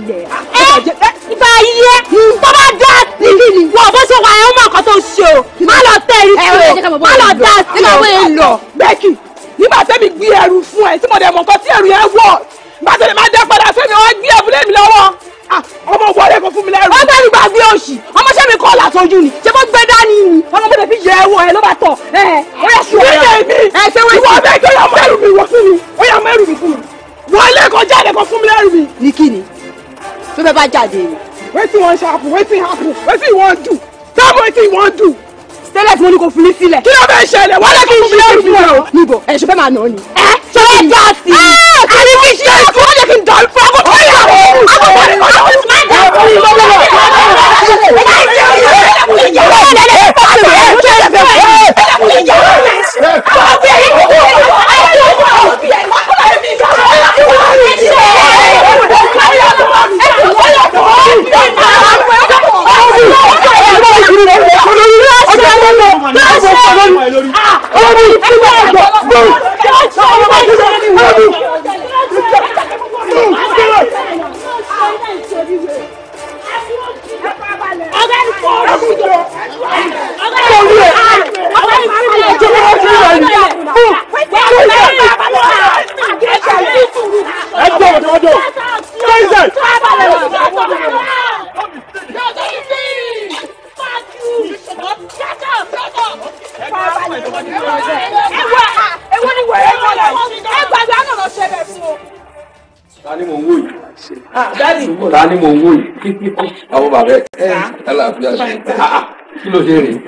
said laja dey. wetin wan happen wetin happen wetin you wan do tell me wetin you wan do. stella tí mo ní kò fún mi sílẹ̀. kí ló fẹ́ ṣẹlẹ̀ wọ́n lè kí n ṣe é fún ọ. níbo ẹ̀ ṣe fẹ́ máa nà ọ́ ni. ẹ ṣọlá ẹ dá sí i. ta ni mò ń wò yìí àwọn bàbá ẹ àlàáfíà ṣe ah, ah, kí ló ṣe rèé.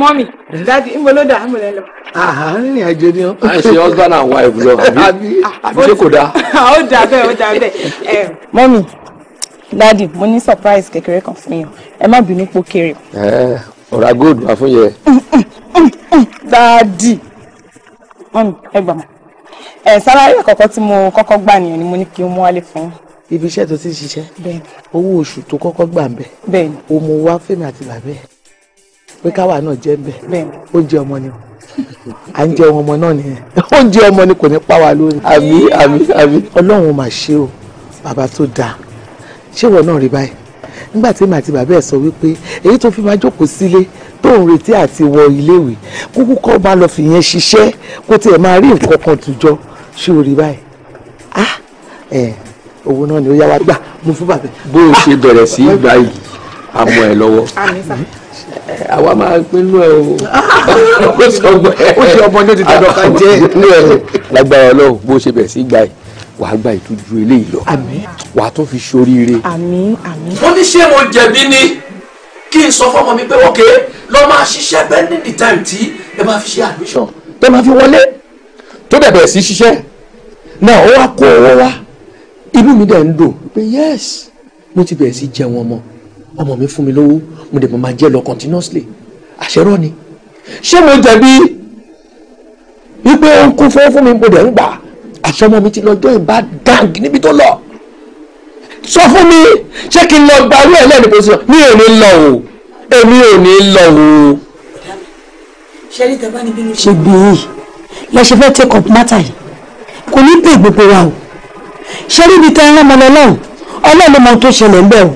mọ́mì dájú ìmọ̀lódà àmọ̀lẹ́ lọ. àárín àjò ni ó. à ń ṣe husband and wife lọ àbí àbí ṣé kò dáa. ó dà bẹ́ẹ̀ ó dà bẹ́ẹ̀. mọ́mì dádì mo ní surprise kékeré kan fún yín ẹ má bínú pò kéré. ọ̀rá góòdù wà fún yẹ. Mm, mm, mm, dádì mọ́mì ẹ gbà mọ́ ẹ sálárì àkọ́kọ́ tí mo kọ́kọ́ gbà nìyẹn ni mo ní kí o mú wálé fún yín. ibi iṣẹ́ tó ti ń ṣiṣẹ́. bẹ́ẹ̀ni. owó oṣù tó kọ́kọ́ gbà ń bẹ̀. bẹ́ẹ̀ni. o mú wá fèmí àti bàbá ẹ̀ pé káwa náà jẹ́ ń bẹ̀. bẹ́ẹ̀ni. oúnjẹ ọmọ ni à ń jẹ ọmọ náà nìyẹn oúnjẹ ọmọ ni kò ní pa wá lórí. àmì àmì àmì. ọlọ́run mà ṣe o bàbá tó dáa ṣé ìwọ náà rí báyìí nígbà tí èmi àti bàbá ẹ̀ sọ wípé èyí tó fi máa jókòó sílé tó ń retí àti wọ iléèwé kúkú kọ́ máa lọ fìyẹn ṣiṣẹ́ kó tiẹ̀ máa rí nǹkan kan tùjọ ṣé o rí báyìí ah, ah owó náà ni ó yá wa gbà mo fún bàbá. bó o ṣe ah. bẹ̀rẹ̀ sí í gbà yìí a mọ ẹ lọ́wọ́ ah, àwa máa pinnu ẹ o ó ṣe ọmọdé ti dáadọ́ ká jẹ́ lágbára ọlọ́run bó o ṣe bẹ̀rẹ̀ sí í gbà yìí wàá gba ìtújú eléyìí lọ wàá tó fi ṣoríire. àmín àmín. mo ní ṣé mo jẹ̀bi ni kí n sọ fọmọ mi pé wọ́n ké lọ́ọ́ máa ṣiṣẹ́ bẹ́ẹ̀ ní the time tí ẹ máa fi ṣe admission tẹ́ máa fi wọlé tó dẹ̀ bẹ̀rẹ̀ sí ṣiṣẹ́ náà ó wá kó owó wá inú mi dẹ̀ ń dùn pé yes mo ti bẹ̀rẹ̀ sí jẹun ọmọ ọmọ mi fún mi lówó mo dẹ̀ máa jẹ́ lọ continuously àṣẹrọ́ ni ṣé mo jẹ̀bi wípé ó ń kún fún fún mi mo dẹ̀ ń gbà àṣọ ọmọ mi ti lọ join bad gang níbi tó lọ sọ fún mi ṣé kí n lọ gba owó ẹ̀ lẹ́nu pòsíṣàn mi ò ní lọ o èmi ò ní lọ o. ṣé bí lẹ ṣe fẹ́ take up matter yìí kò ní pè gbogbo wa o ṣé níbi tẹ ẹran ọmọlẹ náà ọlọ́run ló mọ ohun tó ṣẹlẹ̀ ńbẹ̀ o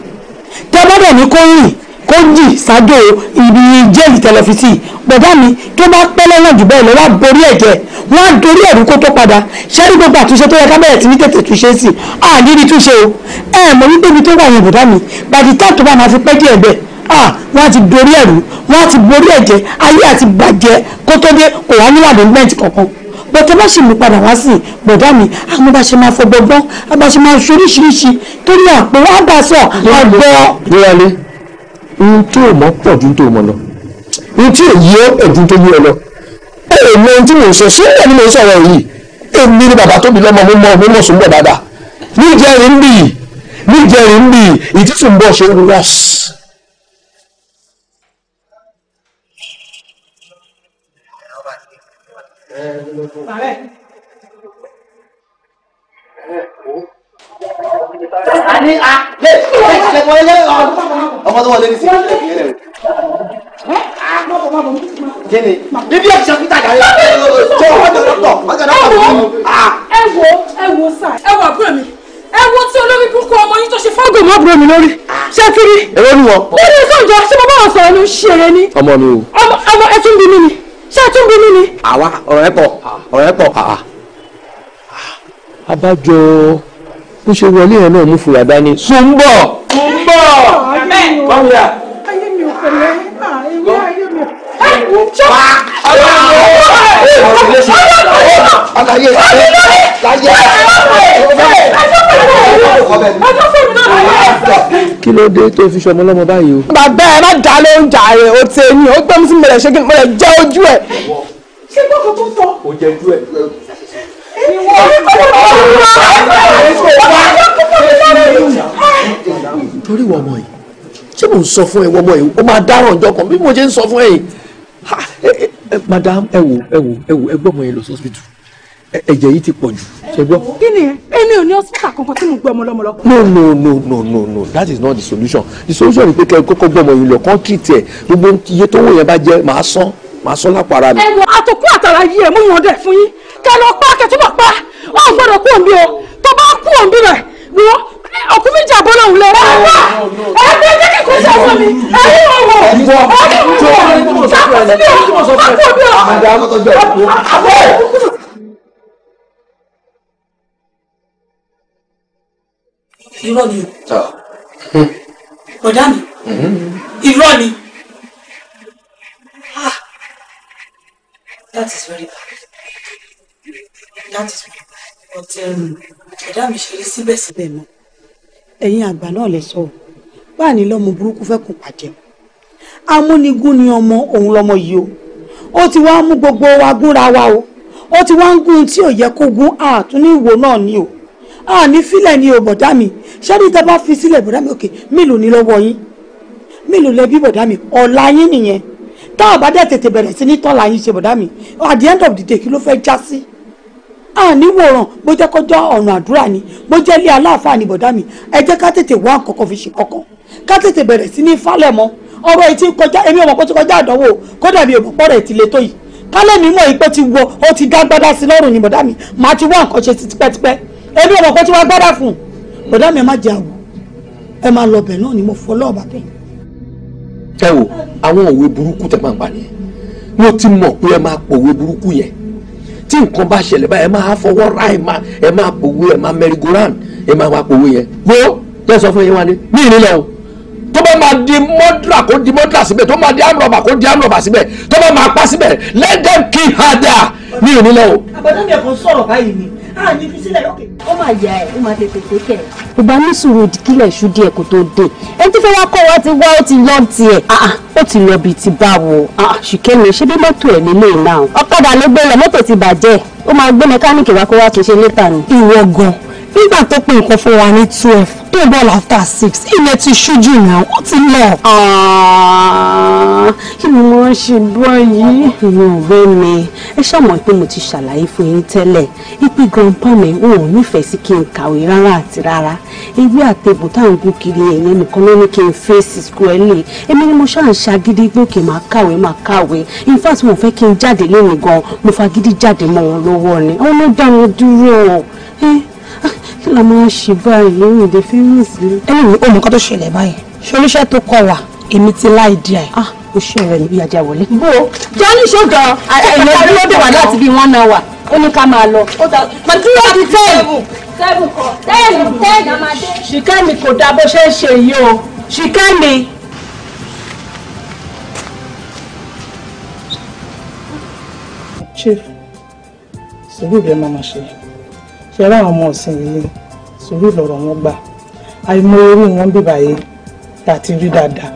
tẹ bọ́dọ̀ ní kó rìn kó jì ṣáájú ibi jẹ́ẹ̀lì tẹlifísì bọ̀dá mi tó bá pẹ́ lọ́nà jù bẹ́ẹ̀ lọ wá borí ẹ̀jẹ̀ wọ́n á dorí ẹ̀rú kó tó padà ṣé ní gbogbo àtúnṣe tó yẹ ká bẹ̀rẹ̀ sí ní tètè túnṣe sí i àdírí túnṣe o ẹ̀ mọ̀ wípé ibi tó wà yẹn bọ̀dá mi bàtí táà tó bá máa fi pẹ́ díẹ̀ bẹ́ẹ̀ wọ́n á ti dorí ẹ̀rú wọ́n á ti borí ẹ̀jẹ̀ ayé àti bàjẹ́ kó tó dé kò wá níwà dọ́gbẹ́ǹtì kankan bọ́tẹ́ bá sì mú padà wá sí bọ̀dá mi àwọn bá ṣe máa fọgbọ́ gbọ́ àbá ṣe máa ṣoríṣiríṣi torí àpò àbàṣọ àgbọ̀. níwáyé ohun tó o mọ̀ pọ̀ ju tó o mọ̀ lọ ohun tí ò yẹ pọ̀ ju tó yẹ ọ lọ ó lè mọ ohun tí mò ń sọ sí ẹni mò ń sọ̀rọ̀ yìí èmi ni bàbá tóbi lọ́mọ mo mọ mo mọ̀ sùn bọ̀ dáadáa níjẹrin bì níjẹrin bì ìtìsùn bọ̀ ṣe ń rọ́ọ̀sì. Bàbẹ́. tí olórí kúkú ọmọ yín tó ṣe fọ́gò mọ́ àbúrò mi lórí. Ṣé kiri? Èrò ni wọ́n. Lórí ìsọ̀njọ́ ṣé mo wọn sọ̀rọ̀ ló ṣe eré ni? Ọmọ mi o. Ọmọ ẹ bí mi ni ṣé ẹ tún bí mi ni. àwa ọ̀rọ̀ ẹ pọ̀ ọ̀rọ̀ ẹ pọ̀. Ah, abájọ bó ṣe wọlé yẹn náà mú fura dání. sùn bọ̀ ń bọ̀ báwo yà. àlàyé ẹ láyé kí ló dé tó fi ṣọmọ lọ́mọ báyìí o. bàbá ẹ má dá lóúnjẹ rẹ o tẹ ẹni o gbé mi sí mẹrẹ ṣe kí mẹrẹ jẹ ojú ẹ. ṣé gbọ́dọ̀ tó tọ́. o jẹ ojú ẹ. ìwọ torí wọ́n mọ̀ yìí ṣé mò ń sọ fún ẹ wọ́n mọ̀ yìí ó máa dáràn ọjọ́ kan bí mo ṣe ń sọ fún ẹ yìí madam ẹ wò ẹ wò ẹ wò ẹ gbọ́mọ yẹn lọ sọ́sibítù ẹ̀jẹ̀ yìí ti pọ̀ jù ṣe gbọ́. kí ni ẹni ò ní hospital kankan tí mo gbé ọmọ lọ́mọ lọ. no no no no no no that is not the solution the solution ni pé kẹ́ ẹ kọ́kọ́ gbọ́mọ yìí lọ kàn treat ẹ̀ gbogbo iye tó wọ̀ yẹn bá jẹ́ màá san màá san lápò ara mi. ẹ wọ àtòkù àtàrà yìí ẹ mú wọn dẹ fún yín kẹ lọ pa kẹtùbọ pa ọ gbọ́dọ̀ kú òǹbí o tó bá kú òǹbí rẹ wọn òkú méjì àbọ̀ lòun lẹ. ẹ bẹ jẹ́ kí kò sọ fún mi ẹ̀rí ọ̀wọ̀ ọ̀dọ̀ ọ̀dọ̀ sàkóso bí ọ̀ sàkóso bí ọ̀. àmàdà tó jẹ́ òkú. irọ́ ni o bọ̀dá mi irọ́ ni ah that is very bad that is very bad ọ̀tẹ̀ ẹ̀rù bọ̀dá mi ṣe rí síbẹ̀síbẹ̀ mọ́ ẹ̀yin àgbà náà lè sọ bá ní lọ́mọ burúkú fẹ́ kù pàjẹ́ amúnigún ni ọmọ òun lọ́mọ yìí o ó ti wá mú gbogbo wa gúnra wa o ó ti wá ń gún tí ò yẹ kó gún àtún ní ìwò náà ni o àní fílẹ̀ ni o bọ̀dá mi ṣẹ́ni tẹ́ bá fi sílẹ̀ bọ̀dá mi òkè mélòó ni lọ́wọ́ yín mélòó lẹ́bí bọ̀dá mi ọ̀la yín nìyẹn tá a bá dẹ̀ tètè bẹ̀rẹ̀ sí ní tọ́la yín ṣe bọ̀dá mi at the end of the day kí ló fẹ́ já sí àní wòràn bó jẹ́ kọjọ́ ọ̀nà àdúrà ni bó jẹ́ ilé aláàfáà ni bọ̀dá mi ẹ jẹ́ ká tètè wá kọ̀kọ́ fi ṣe kọ̀kọ́ ká tètè bẹ̀rẹ̀ sí ní falẹ̀ mọ́ ọ̀rọ̀ yìí ti kọjá èmi ò mọ̀ pé ó ti kọjá àdánwò kódà mi ò mọ̀ pọ̀rọ̀ ẹ̀ ti le tó yìí kálẹ̀ mi mọ̀ ìpè ti wọ ó ti dá gbádá sí lọ́rùn ni bọ̀dá mi màá ti wá nǹkan ṣe tipẹ́tipẹ́ èmi ò mọ̀ ti wá gbádá fún bọ̀dá mi má jẹ àwò ẹ má lọ bẹ̀ náà ni mo fọ́ lọ́ọ̀bà bẹ́ẹ̀. ẹ wo àwọn òwe burúkú tẹ máa ń pa nìyẹn mo ti mọ̀ pé ẹ máa pòwe burúkú yẹn tí nǹkan bá ṣẹlẹ̀ báyìí ẹ máa fọwọ́ ra ẹ máa ẹ máa pòwe ẹ máa merry go ẹ máa wá pòwe yẹn wo jẹ́ sọ fún yín wá ní mí ìrìnlẹ̀ o tó bá máa di mọ́dúrà kó di mọ́dúrà síbẹ̀ tó máa di amrọ̀bà kó di amrọ̀bà síbẹ̀ tó bá máa pa síbẹ̀ let them kill her there mí ìrìnlẹ̀ o. àbọ̀dá ẹ̀kọ́ sọ̀rọ̀ báyìí ni a ah, ní fi sílẹ̀ lókè. ó máa yà ẹ́ ó máa tètè tókè. kò bá ní sùúrù kílẹ̀ ṣú díẹ̀ kó tó dé ẹni tí fẹ́ẹ́ wá kọ́ wa ti wá ó ti lọ tiẹ̀ ah, ah. ó ti lọ bíi ti báwo ṣìkẹ́mi ṣé bí mọ́tò ẹ̀ nílé náà ọ̀kadà ló gbé lọ mọ́tò ti bàjẹ́ ó máa gbé mẹkáníìkì wá kó wá tún ṣe létà ni. ìwọ gan-an nígbà tó pé nǹkan fún wa ní twelve Two ball after six ilẹ̀ ti ṣojú ìyá ó ti lọ. Ah, kí ni mo ń ṣe báyìí. ìwọ ọ̀rẹ́ mi ẹ ṣàmọ̀ pé mo ti ṣàlàyé fún yín tẹ́lẹ̀ ipe grandpa mi ò nífẹ̀ẹ́ sí kí n kàwé rárá àti rárá ewé àtẹ̀bù tá à ń gún kiri ẹ̀yẹn nìkan ló ní kí n fèsì squarely èmi ni mo ṣáà ń ṣagídí pé kì í máa kàwé máa kàwé in fact mo fẹ́ kí n jáde lónìí gan mo fagídí jáde mọ́ wọn lọ́wọ́ ni àwọn ló dá wọn dúró kí la máa ṣe báyìí lórí èdè fẹ́mi sílẹ̀. ẹnìwé ohun kan tó ṣẹlẹ̀ báyìí ṣolúṣẹ́ tó kọ wà èmi ti láì di ẹ̀. ah o ṣe ọ̀rẹ́ níbi ajá wọlé. bó o jọ ní ṣòjọ ẹ̀yẹ dúró dè wá láti bí wọ́n náà wà ó ní ká máa lọ. pàtúrò ti tẹ́ẹ̀mù tẹ́ẹ̀mù kọ tẹ́ẹ̀mù tẹ́ẹ̀mù. ṣìkẹ́mi kò dáa bó ṣe ń ṣe yìí o ṣìkẹ́mi. chief sùúrù rẹ máa ma ṣe yìí ṣe rá àwọn ọmọ ọ̀sìn ilé sórí ìlọ̀rọ̀ wọn gbà àìmọye orí wọn bí báyìí tá a ti rí dáadáa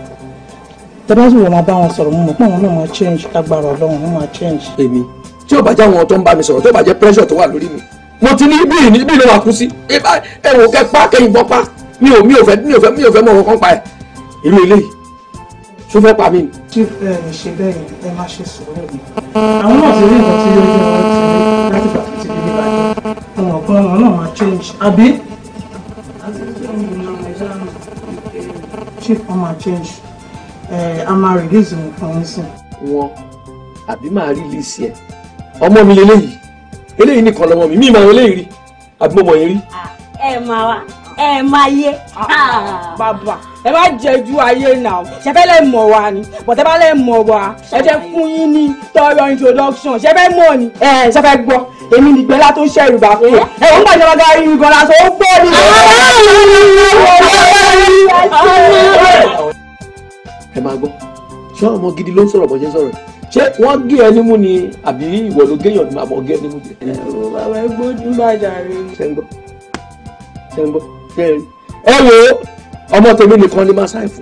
tẹ́lá sì wọ́n máa bá wọn sọ̀rọ̀ mo mọ̀ pé àwọn náà máa change lágbára ọlọ́run wọn máa change. èmi tí ò bá jẹ́ àwọn tó ń bá mi sọ̀rọ̀ tó bá jẹ́ pressure tó wà lórí mi mo ti ní bí ìní bí ìlú wa kú sí ẹ kẹ pa kẹyìn bọ́ pa mi ò mi ò fẹ́ mi ò fẹ́ mi ò fẹ́ mọ̀ kankan pa ẹ̀ irú eléyìí tó fẹ́ pa mí. chief ẹ lè ṣe bẹ́ẹ̀ ẹ má ṣe sọ̀rọ̀ mi àwọn náà ti rí nǹkan tí yóò yẹ ọmọ kan ọ̀nà máa change àbí chief wọn máa change a máa release nǹkan nísìn. wọn àbí máa release ẹ ọmọ mi lélẹyìí eléyìí nìkan lọmọ mi mi máa eléyìí rí àbí mo mọ yín rí. Ah, ẹ máa wá ẹ máa yé. Ah. bàbá ẹ bá jẹjú ayé náà ṣẹfẹ lè mọ̀ wá ni bọtẹ bá lè mọ̀ wá ẹ jẹ fún yín ní tọrọ introduction ṣẹfẹ mọ̀ ni ẹ eh, ṣẹfẹ gbọ́ èmi nìgbẹ́ la tó ń ṣẹ́rù bá fún un ẹ̀wọ̀n gbà ìjọba gari gan la sọ ó pọ̀ ní ẹ máa gbọ́ ṣé ọmọ gidi ló ń sọ̀rọ̀ bọ́jẹ́ sọ̀rọ̀ ṣé wọ́n gé ẹ nímú ni àbí ìwọ ló gé yàn àbọ̀ gé ẹ nímú jẹ. ẹ gbójú bàjá ọmọ tèmi nìkan ni máa ṣàìfù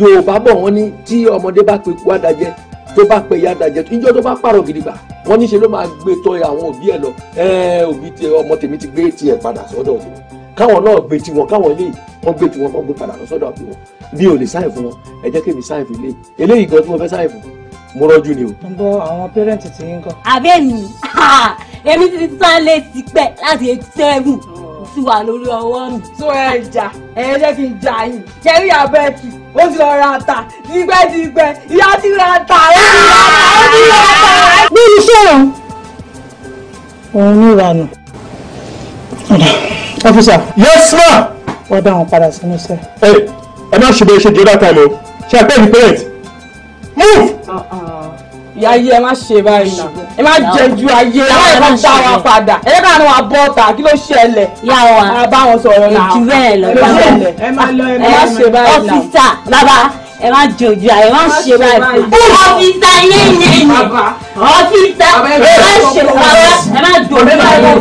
Yorùbá bọ̀ wọ́n ní tí ọmọdé bá pe kú àdájẹ́ tó bá pẹ ìyá dàjẹ ìjọ tó bá pààrọ̀ gidigba wọn níṣe ló máa gbé tọ́ àwọn òbí ẹ̀ lọ òbí tí ọmọ tèmi ti gbé tiẹ̀ padà sọ́dọ̀ òbí káwọn náà gbé tiwọn káwọn ilé wọn gbé tiwọn kọ́ gbé padà lọ sọ́dọ̀ òbí wọn mi ò lè sáyìn fún wọn ẹ jẹ́ kí mi sáyìn fún ilé eléyìí gan tí wọ́n fẹ́ sáyìn fún mo rọ́jú ni o. n bọ àwọn pẹrẹntì tí ń kọ. àbẹ́ mi èmi ti sá lé tipẹ́ láti eighty seven oh ti wà lórí ọwọ́ mi. tó ẹ jà ẹ jẹ́ kí n jà yín jẹ́rí àbẹ́kì ó ti lọ ra ata dígbẹ́dígbẹ́ ìyá ti ra ata ó ti ra ata ó ti ra ata. bí iṣẹ́ òun òun ní ìranù. ọ́fíìsà. yes ma. wọ́n dá wọn padà sínú iṣẹ́. ẹ ẹ má ṣe bẹ́ẹ̀ ṣe jọ́dá time o ṣe àpẹ́ ní parent move. Uh -uh ìyá yìí ẹ má ṣe báyìí nà ẹ má jẹjú ayé ẹ má dá wa padà ẹ yẹ káwọn wa bọ́ ọ̀tà kí ló ṣẹlẹ̀ yà wá a bá wọn sọ̀rọ̀ náà èjì bẹ́ẹ̀ lọ bá wọn ẹ má lọ ẹ má ṣe báyìí nà ọ́fíìsà bàbá ẹ má jòjú ayé ẹ má ṣe báyìí ọ́fíìsà yé yé yé ọ́fíìsà ẹ má ṣe báyìí ẹ má jòjú ayé ẹ má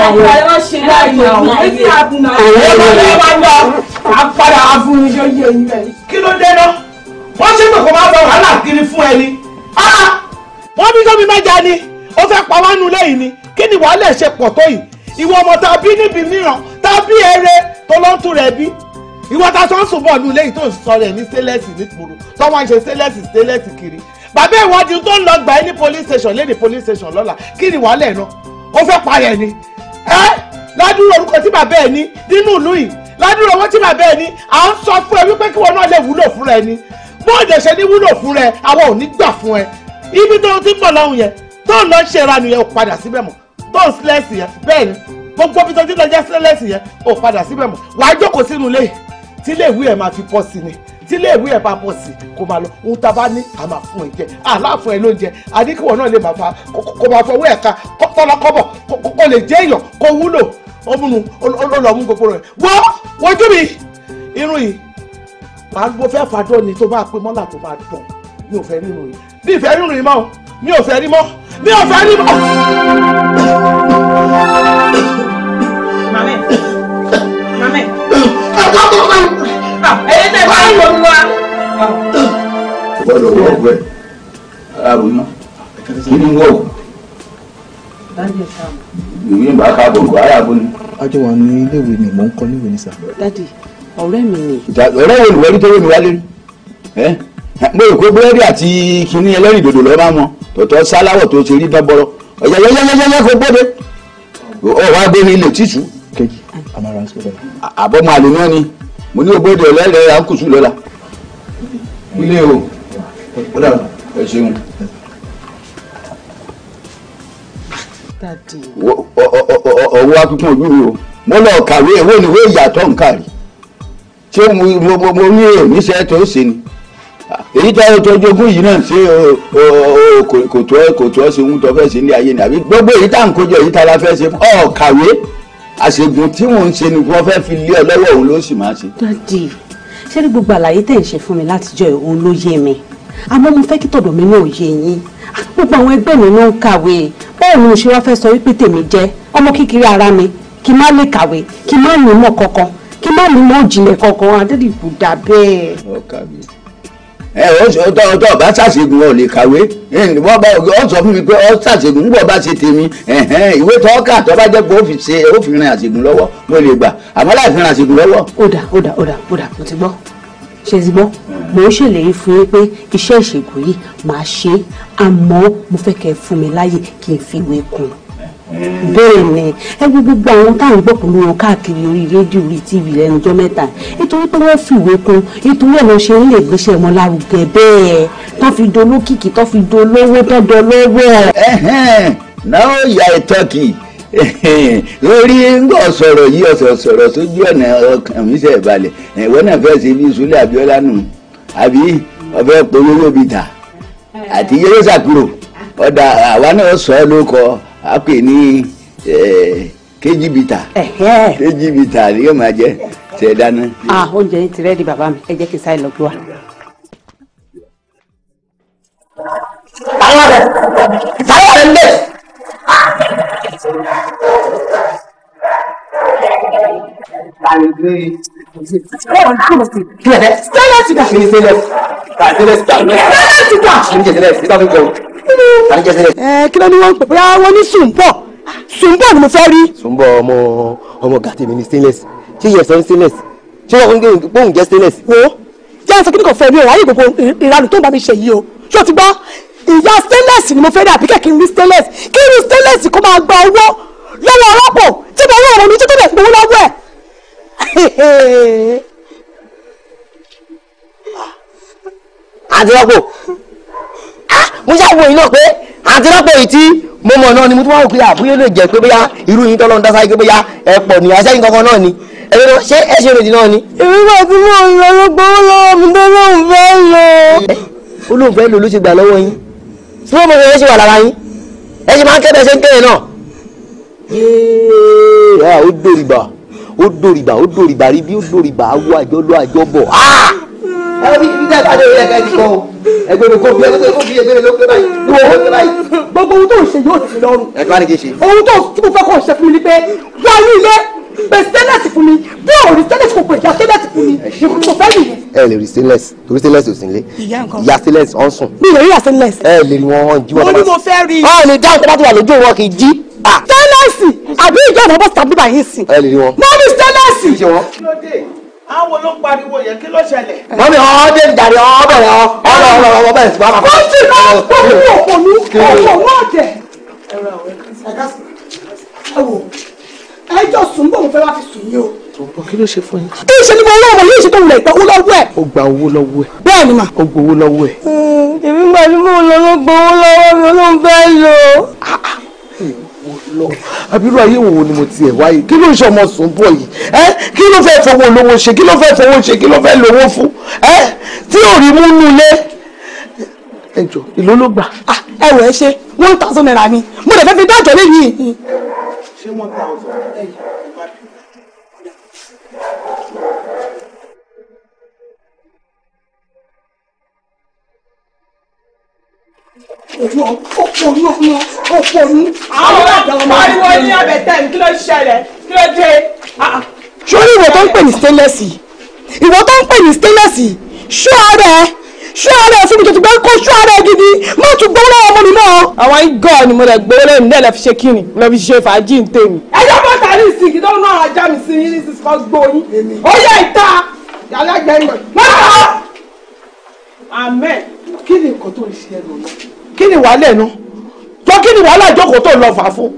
jòjú ayé ẹ má ṣe báyìí nà ọ́fíìsà kí ló dé náà wọ́n ṣe pé kò má bá wàhálà kiri fún ẹni Ah! wọ́n bí sọ́mi mẹ́ja ni ó fẹ́ pa wánú lẹ́yìn ni kí ni wàá lè ṣe pọ̀ tó yìí ìwọ ọmọ tá a bí níbi mìíràn tá a bí eré tó ló ń tún rẹ̀ bí ìwọ ta tó ń sùn bọ̀ lù lẹ́yìn tó ń sọ rẹ̀ ní stélẹ́sì nígboro tó wọ́n ń ṣe stélẹ́sì stélẹ́sì kiri bàbá ìwádìí tó ń lọ gbà ẹ́ ní police station lẹ́ni police station lọ́la kí ni wàá lẹ̀ náà ó fẹ́ pa rẹ̀ ni ẹ́ ládùúrò orúkọ tí bàbá ẹ̀ ní nínú ìlú yìí ládùúrò owó tí bàbá ẹ̀ ní à ń sọ fún ẹ wípé kí wọn náà lè wúlò fúnra ẹ ní bó ìdẹ̀ṣẹ̀ ní wúlò fún rẹ àwa ò ní gbà fún ẹ ibi tó ti ń bọ̀ lọ́hùn yẹn tó ń lọ ṣe ìranù yẹn ò padà síbẹ̀ mọ́ tó ń sílẹ̀sì yẹn bẹ́ẹ̀ ni gbogbo ibi tó ti lọ jẹ́ sílẹ̀sì yẹn ò padà síbẹ̀ mọ́ wàá jókòó sínú ilé tí ilé ìwé ẹ̀ máa fi pọ̀ sí ni tí ilé ìwé ẹ̀ bá pọ̀ sí kó máa lọ ohun tá a bá ní a máa fún ẹ jẹ aláàfún ẹ ló ń jẹ adíkìwọ̀ náà lè máa fa kó máa fọwọ́ ẹ̀ ka tọ́lọ́kọ́bọ̀ kó lè jẹ́ èèyàn kó wúlò ọmúnu olọ́mú gbogbo rẹ̀ wọ́n wojú mi irun yìí màá mo fẹ́ fàdọ́ ni tó máa pé mọ́là tó máa dùn mi ò fẹ́ rí yìí mi ò fẹ́ yìí mọ́ mi ò fẹ́ rí mọ́ mi ò fẹ́ rí mọ́. bọ́lá owó ọ̀gbẹ́ aláàbò iná kí ni wọ́ọ̀. ìwé ń bá káàbọ̀ aláàbò ni. ajọ wa ní iléèwé ni mò ń kọ́ níwèé ní sà ọ̀rẹ́ mi ni. ọ̀rẹ́ wo ìwọ́rí tó wé mi wálé rí mo rò pé búrẹ́dì àti kinní ẹlẹ́rìn dòdò lọ́ọ́ bá wọn tọ̀tọ̀ sáláwọ̀ tó ṣe rí dọ́bọ̀rọ̀ ọ̀yẹ̀yẹ̀yẹ̀yẹ̀ kò gbọ́dé ọ̀wá gbé ní ilé títù. kejì àbọ̀mọ àlè náà ni mo ní ògbóde ọ̀lẹ́rẹ̀ àǹkùsù lọ́la ilé o kódà ẹ ṣeun. ọwọ́ akíkún ojú mi o mo lọ kàwé ìwé ìwé ìyàtọ̀ nǹkan rí ṣé mo ní èmi ṣe tó ṣe ni èyí tó ẹ tó jogún yìí náà ṣé kò tó ẹ kò tó ẹ ṣe ohun tó fẹ́ ṣe ní ayé ni àbí gbogbo èyí tá à ń kójọ èyí tá a la fẹ́ ṣe fún ọ kàwé àṣègùn tí mò ń ṣe ni wọ́n fẹ́ fi lé ọ lọ́wọ́ òun ló sì máa ṣe. dadi ṣé ní gbogbo àlàyé tẹ̀ ń ṣe fún mi látijọ́ òun ló yé mi àmọ́ mo fẹ́ kí tọ̀dọ̀ mi náà yé yín gbogbo àwọn ẹgbẹ́ mi ló ń kàwé báwo ni mo ṣe wá fẹ́ sọ wípé tèmi jẹ́ ọmọ kékeré ara mi kí má lè kàwé kí má ní mọ̀ kankan kí má ní mọ òjìnlẹ̀ kankan adédì kò dà bẹ́ẹ̀. ẹ ọtọ ọtọ ọba ṣàṣègùn ọ lè kàwé ọ sọ fún mi pé ọ ṣàṣègùn nígbà ọba ṣe tèmi ìwé tó kà tó bá jẹ́ pé ó fi ṣe ó fi rin àṣègùn lọ́wọ́ mo lè gbà àmọ́ láì fi rin àṣègùn lọ́wọ́. ó dà ó dà ó dà ó dà mo ti gbọ́ ṣe ti gbọ́ mo ń ṣèlérí fún yín pé iṣẹ́ ìṣègùn yìí màá ṣe àmọ́ mo fẹ́ kẹ́ fún mi láyè kí n fi ìwé kún bẹ́ẹ̀ ni ẹ gbé gbogbo àwọn tá à ń gbọ́ pẹ̀lú wọn káàkiri orí rédíò orí tv lẹ́nu ọjọ́ mẹ́ta nítorí pé wọ́n fìwé kún nítorí ẹ̀ lọ ṣe ń lè gbéṣẹ́ wọn lárugẹ bẹ́ẹ̀ tó fi dolókìkí tó fi dolówó tó dolówó. now you are talking lórí ńgbọ́ sọ̀rọ̀ yìí ọ̀sọ̀ sọ̀rọ̀ sójú ọ̀nà ọkàn mi ṣe balẹ̀ ẹ̀wọ́ náà fẹ́ ṣe bí sulé abiola nù àbí ọ̀fẹ́ polówó bìtà àti yẹ́rẹ́sàkúrò ọ̀dà àwa náà sọ ọ́ ló kọ́ a pè ní kéjì bìtà kéjì bìtà ni yóò máa jẹ tẹ dáná. oúnjẹ yìí ti rẹ́ẹ̀dì bàbá mi ẹ jẹ́ kí sáyé lọ gbé wa. sáyọ̀ rẹ̀ sáyọ̀ rẹ̀ ń bẹ̀. Stay there, sit down. Stay there, sit down. Stay there, sit down. Stay there, sit down ẹ eh, kí ló ní wọ́n ń pè bóyá wọ́n ní sùnbọ̀ sùnbọ̀ ni mo fẹ́ rí. sùnbọ̀ ọmọ ọmọ gàtí mi ni stainless ṣé yẹ sọ ní stainless ṣé wọ́n ń gbé òun jẹ́ stainless. wo jẹ́ àṣà kíníkọ̀ fẹ́ mi ò ráyè gbogbo ìranù tó ń bá mi ṣe yìí o ṣó ti gbọ́ ìyá stainless ni mo fẹ́ rí àbíkẹ́ kí rí stainless kí n rí stainless kó máa gba owó lọ́wọ́ ọlọ́pọ̀ tí mo wọ́n ọ̀rọ̀ mi tó tó dẹ̀ gbowó lọ́wọ́ ẹ̀. àdìrọ́pọ̀ Ah! mo yà wò yín náà pé àti lọ́pọ̀ yìí tí mo mọ̀ náà ni mo tún wá òkè àbúyé lè jẹ́ pé bóyá irú yín tọ́lọ́ ń dásáyé pé bóyá ẹ pọ̀ ní àṣẹ́yìn kankan náà ni ẹ̀rọ náà ṣé ẹ ṣe òdì náà ni. èmi bá tí mò ń lọ ló gbowó lọ́wọ́ mi tó lóun fẹ́ lò. olóhùn fẹ́ lò ló ṣe gbà lọ́wọ́ yín tí wọ́n mọ̀ ẹ ṣe wà lára yín ẹ ṣe máa ń kẹ́bẹ̀ ṣe ń kẹ́yìn náà ẹ bí bí dá gbogbo ohun tó ń ṣe yóò tì mí lọ́rùn. ohun tó tí fẹ́ kọ́ ṣe fún mi pé wá ní ilé pè stainless fún mi bí o rí stainless kò pè já stainless fún mi ìkú fẹ́ nìyẹn. ẹ lè rí stainless torí stainless ò sí nílé ìyá stainless ọ̀ ń sùn. mi ò rí ìyá stainless. ẹ lè rí wọn jí wọn. mo ní mo fẹ́ rí. ọ lè dáhùn tó bá ti wà lójú wọn kì í jí. stainless àbí ìjọba bọ́ sábà yìí sìn. ẹ lè rí wọn. mọ́mí stainless àwọn ló ń pariwo yẹn kí ló ṣẹlẹ̀. wọ́n ọ́ dé ìdarí ọ́ bẹ̀rẹ̀ ọ́ ọ̀rọ̀ ọ̀rọ̀ ọ̀rọ̀ bẹ̀rẹ̀ sí bá kàkọ́. wọ́n sì máa ń pọ̀jù òkòlú òkòlú ọ̀jẹ̀. ẹ ẹ jọ sùn bóun fẹ́ wá sùn yìí o. ọ̀pọ̀ kí ló ṣe fún yín. kí ṣe ni mo wá yìí ṣe tó wulẹ̀ ìgbà owó lọ́wọ́ ẹ̀. ó gba owó lọ́wọ́ ẹ̀. bẹ́ẹ̀ ni ó gba lọ́wọ́ ẹ̀. Hmm, lọ abirú ayé wo ni mo tiẹ̀ wáyé kí ló ń ṣe ọmọ sùn bọ̀ yìí ẹ kí ló fẹ́ fowó lówó ṣe kí ló fẹ́ fowó ṣe kí ló fẹ́ lówó fún ẹ tí ò rí mú nú ilé ẹ ìlú ló gbà. Ah, ẹ wọ ẹ ṣe one thousand naira ni mo lè fẹ́ fi dájọ́ lẹ́yìn. ṣé one thousand òpònú òpònú òpònú òpònú. àwọn ọmọ ariwo ní abẹ́tẹ̀ mi kí ló ṣẹlẹ̀ kí ló dé. sórí ah, ah. ìwọ tó ń pè ní stainless ìwọ tó ń pè ní stainless ṣó ara ẹ ṣó ara ẹ fún mi tó ti gbé kó ṣó ara ẹ gidi má tún gbọ́ lọ́wọ́ ọmọ mi náà. àwọn igọ́ ni mo lè gbé lẹ́yìn náà lè fi ṣe kíni lè fi ṣe fàájì ń tèmi. ẹ jẹ́ bọ́ tàrí ìsìnkì tó ń ná ajá mi sí yín ní sísọ gbóyin ó yẹ ìta alágbẹ̀yìn. amen kí ni nǹkan tó ń ṣe ẹ lọ́nà kí ni wàhálà ẹnu tó kí ni wàhálà ìjókòó tó lọ fà fún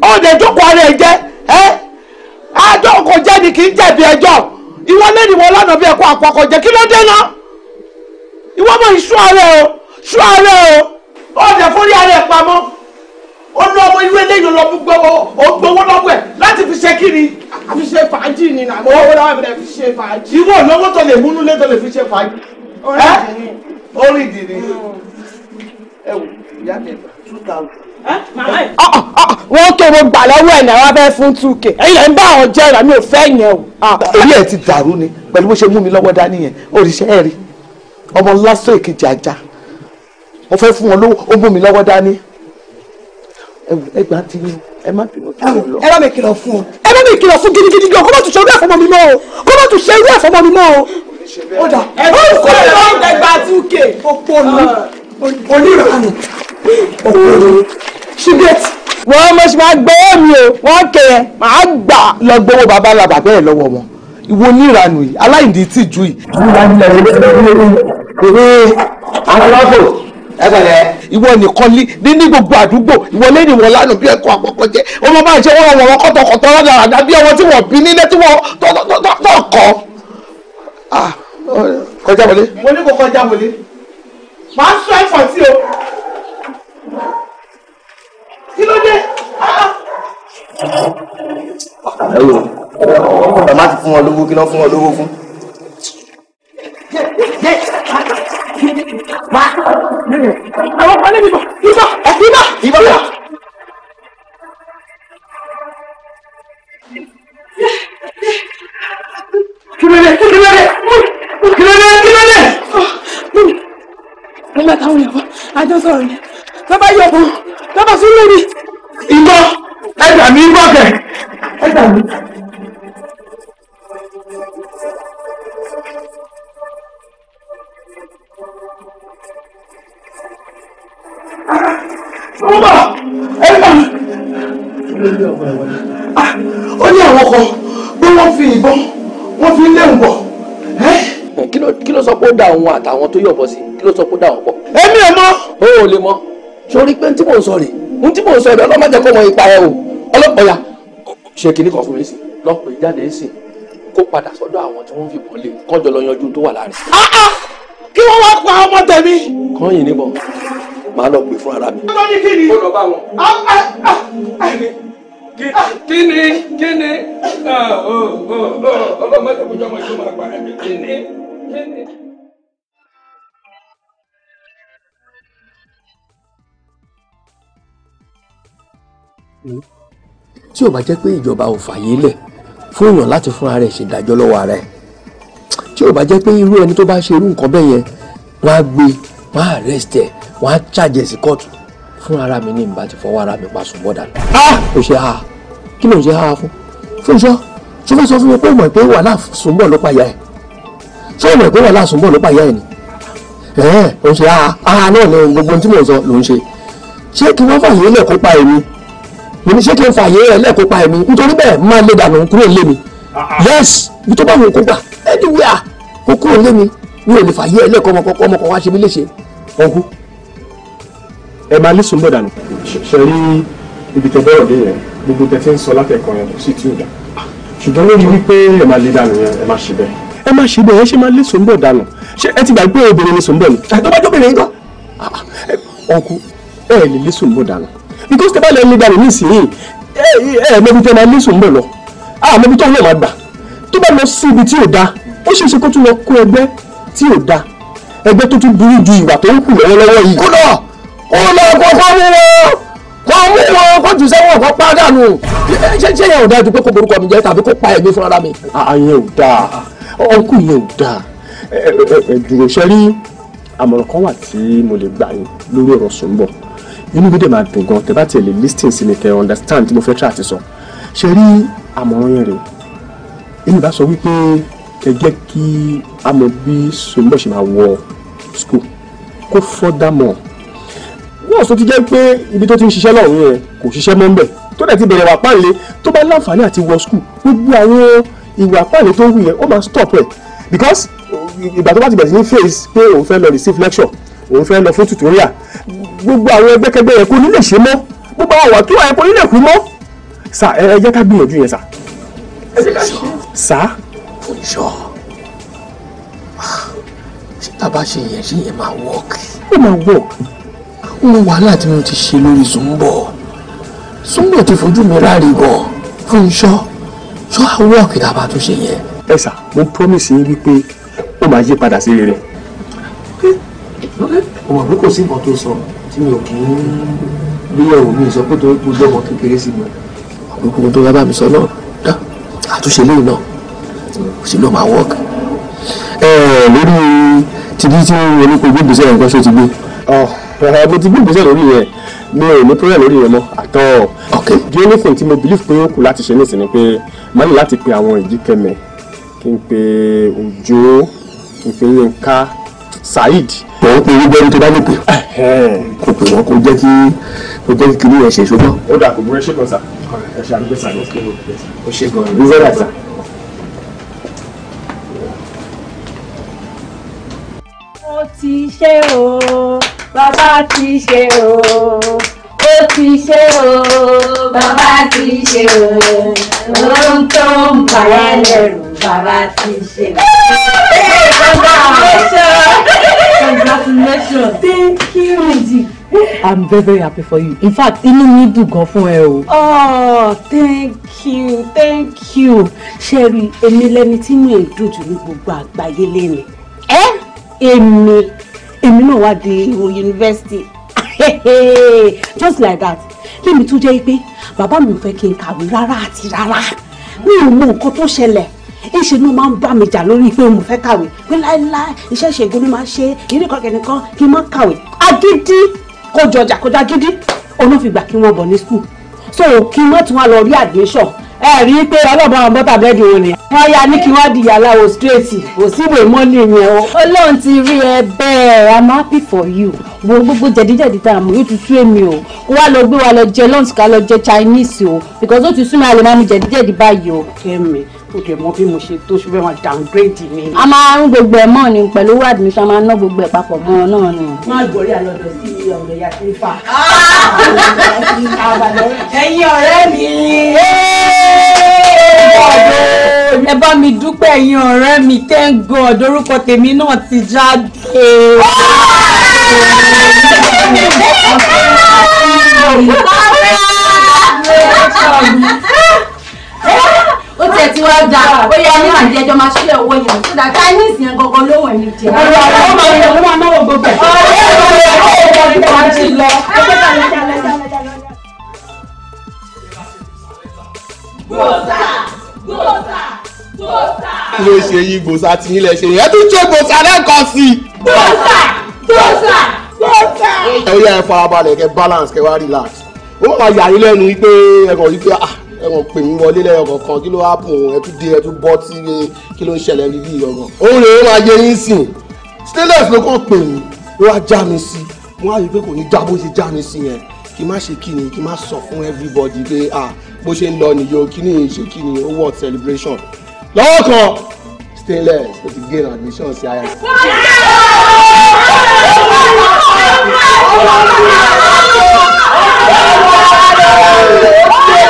ọdẹ ìjókòó ara ẹ jẹ ẹ àjọkò jẹ ni kì í jẹ̀bi ẹjọ́ ìwọ lẹni wọn lánàá bí ẹkọ àpọkọ jẹ kí ló dé náà ìwọ mọ ìṣú ààrẹ o ṣú ààrẹ o ọdẹ fúnrí ààrẹ pamọ́ ó lọ ọmọ irú eléyìí lọ gbowó lọ́wọ́ ẹ láti fi ṣe kiri fi ṣe fàájì ni nà mọ́ owó láwọn ẹ̀rẹ́ fi ṣe fàájì. ìwọ lọ́wọ́ tó lè múnú lé tó lè fi wọ́n ké mo gbà lọ́wọ́ ẹ̀ náà wá fẹ́ fún two k ẹ̀yin lẹ́yìn bá àwọn jẹ́ ìrànmí òfẹ́ yẹn o. orí ẹ̀ ti dàrú ni pẹ̀lú bó ṣe mú mi lọ́wọ́ dání yẹn òrìṣẹ́ ẹ̀ rí ọmọ lásán èkejì ajá mo fẹ́ fún wọn lówó ó mú mi lọ́wọ́ dání ẹgbà ti ní ẹ má bínú tó lọ. ẹ bá mi kìlọ̀ fún ọ ẹ bá mi kìlọ̀ fún gidigidi gan kó má tún ṣe irú ẹ̀ fọmọ mi mọ́ o kó má tún ṣe irú ẹ̀ fọmọ mi mọ́ o. ó dà ẹ kó lè lọ ìdàgbà two ó pọ̀ oníranù ọ̀pọ̀lọ́ ṣígẹ́tì. wọ́n mo ṣe máa gbowó mi o wọ́n kẹ́ ẹ máa gbà. lọ gbowó bàbá la bàbá ẹ lọ́wọ́ wọn ìwọ oníranù yìí aláìní tìjú yìí. àwọn ọlọ́pọ̀ ẹ pẹ̀lẹ́ ìwọ nìkan lé ní gbogbo àdúgbò ìwọ lẹ́yìn wọn lánàá bí ẹ̀kọ́ àkọ́kọ́ jẹ́ ọmọ máa ṣe wọ́n wọ̀n kọ́tọ̀kọ́tọ̀ rádaràdà bí ọmọ tí wọ́n bí nílé tí wọ́n tọ́kọ́. Ah, kọjá wọlé. mo ní kó kọjá wọlé máa ń sọ ẹ̀fọ̀ sí o kí ló dé. ẹ̀rọ ọ̀rọ̀ má ti fún wọn lówó kí lọ́ fún wọn lówó fún. àwọn ọmọ níbi ibà ibà ibà ibà. kí ló dé kí ló dé kí ló dé kí ló dé nígbà táwọn èèyàn bọ́ àjọ sọ̀rọ̀ yẹn tó bá yọ̀ bọ́n tó bá sún lórí. ìgbọ́ ẹgbà mi gbọ́ kẹ̀ ẹgbà mi. Bọ́lá ẹgbà mi. Ah, ó ní àwọn kan bí wọ́n fi ìbọn wọ́n fi lé ń bọ̀. Hmm, kí ló sọ pé ó da òun àtàwọn tó yọ̀bọ sí kí ló sọ pé ó da òun pọ̀. èmi ò mọ. o ò lè mọ sórí pé tí mò ń sọ rè ń tí mò ń sọ rè ọlọ́mọ jẹ́ kó mọ ipa ẹ o ọlọ́pàá ya ṣe kìíní kan fún mi sí lọ́pọ̀ ìjáde sí kó padà sọ́dọ̀ àwọn tí wọ́n fi bọ̀ lé kọ́jọ lọ yanjú tó wà láàrin. Ah, ah, kí wọ́n wá pa ọmọ tẹ̀mí. kàn yín níbọn màá lọ pè fún ara mi. Ah, kíni. kíni kíni ọlọ́mọ ìjọba ìjọba àgbà ẹ̀mí kíni tí ò bá jẹ́ pé ìjọba ò fàyè lẹ̀ fún èèyàn láti fúnra rẹ̀ ṣèdájọ́ lọ́wọ́ ara ẹ̀ tí ò bá jẹ́ pé irú ẹni tó bá ṣe irú nǹkan bẹ́ẹ̀ yẹn wọ́n á gbé wọ́n á arrest ẹ̀ wọ́n á charge ẹ̀ sí kóòtù fún ara mi ní ìbá ti fọwọ́ ara mi pa ṣùgbọ́dà. kò ah! ṣe ha kí ló ń ṣe ha fún fún ṣé fẹ́ sọ fún mi pé mọ̀ pé wàhálà sùn ló pa ìyá ẹ̀ ṣé ọmọ ìpínlẹ̀ wàhálà bọ̀ ló pàyà ẹ̀ ni ẹ̀ẹ́n òun ṣe aha aha náà ni gbogbo tí mò sọ ló ń ṣe ṣé kí wọ́n fààyè lẹ́ẹ̀kópa èmi mo ṣé kí n fààyè ẹ̀ lẹ́ẹ̀kópa èmi nítorí bẹ́ẹ̀ máa lè dànù kúrò lé mi yes bí tó bá wọn kó gbà anywhere kó kúrò lé mi mi ò lè fààyè ẹ̀ lẹ́ẹ̀kọ́ ọmọkọ̀ọ́ ọmọkọ̀ọ́ wá ṣe mí léṣe ṣùgbọ́n lórí wípé ẹ máa lé dànù yẹn ẹ máa ṣe bẹ́ẹ̀ ẹ má ṣe bẹ́ẹ̀ ẹ ṣe máa lé sòńbọ̀ dànù ṣé ẹ ti gbàgbé obìnrin ni sòńbọ̀ ni. àtọ́bájọ́ obìnrin yín kọ́. ọkọ ẹ lè lé sòńbọ̀ dànù because tẹ́bá lẹ́nu dànù nísìnyìí ẹ ẹ mẹ́bi tẹ́ máa lé sòńbọ̀ lọ àwọn ah, mẹ́bi tó ń lọ́ọ̀ máa gbà tó bá lọ sí ibi tí ò dáa ó ṣeé ṣe kó tún lọ kó ẹgbẹ́ tí ò dáa ẹgbẹ́ tó tún burú ju ìwà tó ń kù lọ́wọ́lọ́wọ́ yìí. kódà ó lọ kó kó mú wọn kó mú wọn kó jù sẹ́wọ̀n kó pa dànù ṣé ṣé yẹn ò dáa ju pé kó borúkọ mi jẹ́ tàbí kó pa ẹ̀mí fúnra mi. àyẹ̀wò ah, dáa ọkùn yẹn ò dáa ẹ dúró ṣe rí àmọ̀ràn kan wà tí mo lè gbà yín lórí ọ̀rọ̀ Sùnbọ̀ inú mi dẹ̀ máa dùn gan tẹ bá tiẹ̀ lè lis ten sí mi tẹ understand tí mo fẹ́ try àti sọ ṣe rí àmọ̀ràn yẹn rè èmi bá sọ wípé ẹ jẹ́ kí a mọ bí Sùnbọ̀ ṣe máa wọ school kó further more wọ́n sọ ti jẹ́ pé ibi tó ti ń ṣiṣẹ́ lọ́hùn-ún yẹn kò ṣiṣẹ́ mọ́ ń bẹ̀ tó dẹ̀ ti bẹ̀rẹ̀ wà páàlẹ́ tó bá láǹfààní àti wọ school gbogbo àwọn ìwà pàlẹ́ tó wù yẹn ó máa stop ẹ̀ because ìgbà tó bá ti bẹ̀rẹ̀ sí ní phase pé òun fẹ́ lọ receive lecture òun fẹ́ lọ fún tutorial gbogbo àwọn ẹgbẹ́kẹgbẹ́ yẹn kò ní lè ṣe mọ́ gbogbo àwọn àwàtò àyẹ̀ kò ní lè kú mọ́ sà ẹ ẹ jẹ́ ká gbìyànjú yẹn sà. sà. oníṣọ́ bàbá ṣe yẹn ṣe yẹn máa work. ó máa work. àwọn wàhálà tí mo ti ṣe lórí Zumbo Zumbo ti fojú mi ráre gan fún iṣọ́ yóò á wọ́ọ̀kì tá a bá tún ṣe yẹn. ẹ mo promise yín wípé ó máa yí padà sí rere. ọmọ mi kò sí nǹkan tó sọ tí mi ò kì í gbéyàwó mi sọ pé torí kú lọ́mọ kékeré sí mi gbogbo tó bá bá mi sọ náà dá àtúnṣe lẹ́yìn náà kò sí ló máa wọ́ọ̀kì. lórí tìbí tí wọn ní kò gbé gbèsè nǹkan ṣó ti gbé. ọ̀ mo ti gbé gbèsè lórí yẹn mo ò ní problem lórí rẹ mọ́ àtọ́ okay the only thing tí mo believe pé ó kù láti ṣe nísìnyí pé máa ní láti pe àwọn ìdíkẹmẹ kí n pe òjò kí n pe yínká saheed. mọ̀ ń pe gbogbo ẹni tó bá ní pè. kò pè wọ́n kò jẹ́ kí kò jẹ́ kí kiri rẹ̀ ṣe ṣùgbọ́n. ó dà kò burú ẹ ṣe kan sá ẹ ṣe àdúgbò sá ní kíló ó ṣe gan-an ní zẹ́rẹ̀ sá. ó ti ṣe o. Baba ti ṣe o ó ti ṣe o Baba ti ṣe o ohun tó ń bà ẹ́ lẹ́rù bàbá ti ṣe o. Congratulations. Thank you. Indeed. I'm very very happy for you. In fact, inú mi dùn gan fún ẹ o. Oh, thank you, thank you. Sherry, èmi lẹ́ni tí mi ń dùn jù ní gbogbo àgbáyé lẹ́nu. Ẹ́ èmi èmi náà wá di ìwò yunifásitì just like that lèmi tún jẹ́ pé bàbá mi ò fẹ́ kí n kàwé rárá àti rárá mi ò mọ nǹkan tó ṣẹlẹ̀ ìṣe ni wọ́n máa ń bá mi jà lórí pé mo fẹ́ kàwé pé láéláé iṣẹ́ ìṣègùn ni máa ṣe ìrí kan kẹ̀nìkan kí n má kàwé agídí kó jọjà kó dágídí òun fi gbà kí wọ́n bọ̀ ní school so kí n má tún wá lọ rí admission ẹ rí i pé ọlọ́ọ̀bá àwọn bọ́tà bẹ́ẹ̀dì òun ni. wọ́n ya ní kí wọ́n di ìyàláwo straight kò sí ìwé mọ́lì yẹn o. olóhùn ti rí ẹ bẹ́ẹ̀ i'm happy for you wo gbogbo jẹ̀díjẹ̀dí tá a mú yóò tutù èmi o kó wá lọ gbé wa lọ jẹ lunch ká lọ jẹ chinese o because ó ti súnmọ́ àlè máa mú jẹ̀díjẹ̀dí báyìí o. kẹ́mi kò dẹ̀ mọ bí mo ṣe tó ṣùgbọ́n máa downgrade mi. a máa ń gbogbo ẹ̀ mọ́ ni pẹ̀lú wá admission a máa ná gbogbo ẹ̀ papọ̀ mọ́ ọ náà ni. má gbọ́rí àlọ́dọ̀ sí ọ̀rẹ́ ya sí fa. ẹ̀yin ọ̀rẹ́ mi. ẹ bá mi dúpẹ́ ẹ̀yin ọ̀rẹ́ mi thank God orúkọ tèmi náà ti jáde. dáa ó yẹ ní àjẹ ẹjọ́ máa ṣílẹ̀ owó yẹn tó dáa chinese yẹn gangan lówó ẹni jẹ. ọ̀rọ̀ àwọn ọmọ rẹ̀ ló máa náwó gbogbo ẹ̀. ọ̀rọ̀ ẹ̀ ló yẹ kó o bọ̀ nípa ti lọ. gbòòsà gbòòsà gbòòsà. ló ṣe yí gbòòsà tí ilẹ̀ ṣe yẹn tún ṣe gbòòsà lẹ́ẹ̀kan sí i. gbòòsà gbòòsà gbòòsà. ó yẹ ẹ farabalẹ̀ kẹ balance kẹ wá relax ó máa yà á lẹ́nu wípé ẹ̀kọ́ wípé ah ẹ̀wọ̀n pè mí wọlé lẹ́yọ̀ kọ̀ọ̀kan kí ló hápùn ẹ̀tú dé ẹ̀tú bọ́ tí kí ló ń ṣẹlẹ̀ níbí ìyọ̀gàn. òun lè máa yẹ yín sìn stainless ló kàn pè mí ó wá já mi sí wọn á rí i pé kò ní já bó ṣe já mi sí yẹn kí má ṣe kíni kí má sọ fún everybody pé ah bó ṣe ń lọ nìyó kíni ṣe kíni ó wọ̀ celebration lọ́wọ́ kan stainless ló ti gain admission sí ISC. Oh, my God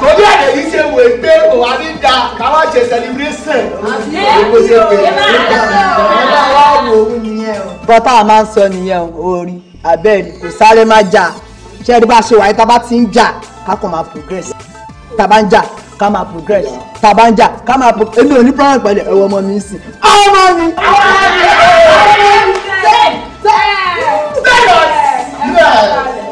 torí ẹ̀ lèyí ṣe wò pé kò wá ní da káwá ṣe celebration gbogbo ṣe pé ọ̀la wa wò ó máa ń sọ nìyẹn orin abẹ́ẹ̀lì kò sáré má jà ṣé ẹni bá ṣe wáyé tá a bá ti ń jà ká kàn máa progress tá a bá ń jà ká máa progress tá a bá ń jà ká máa progress èmi ò ní problem pẹ̀lú ẹ̀wọ̀ ọmọ mi ń sìn. ọmọ mi. ọmọ mi. bẹ́ẹ̀ bẹ́ẹ̀ bẹ́ẹ̀.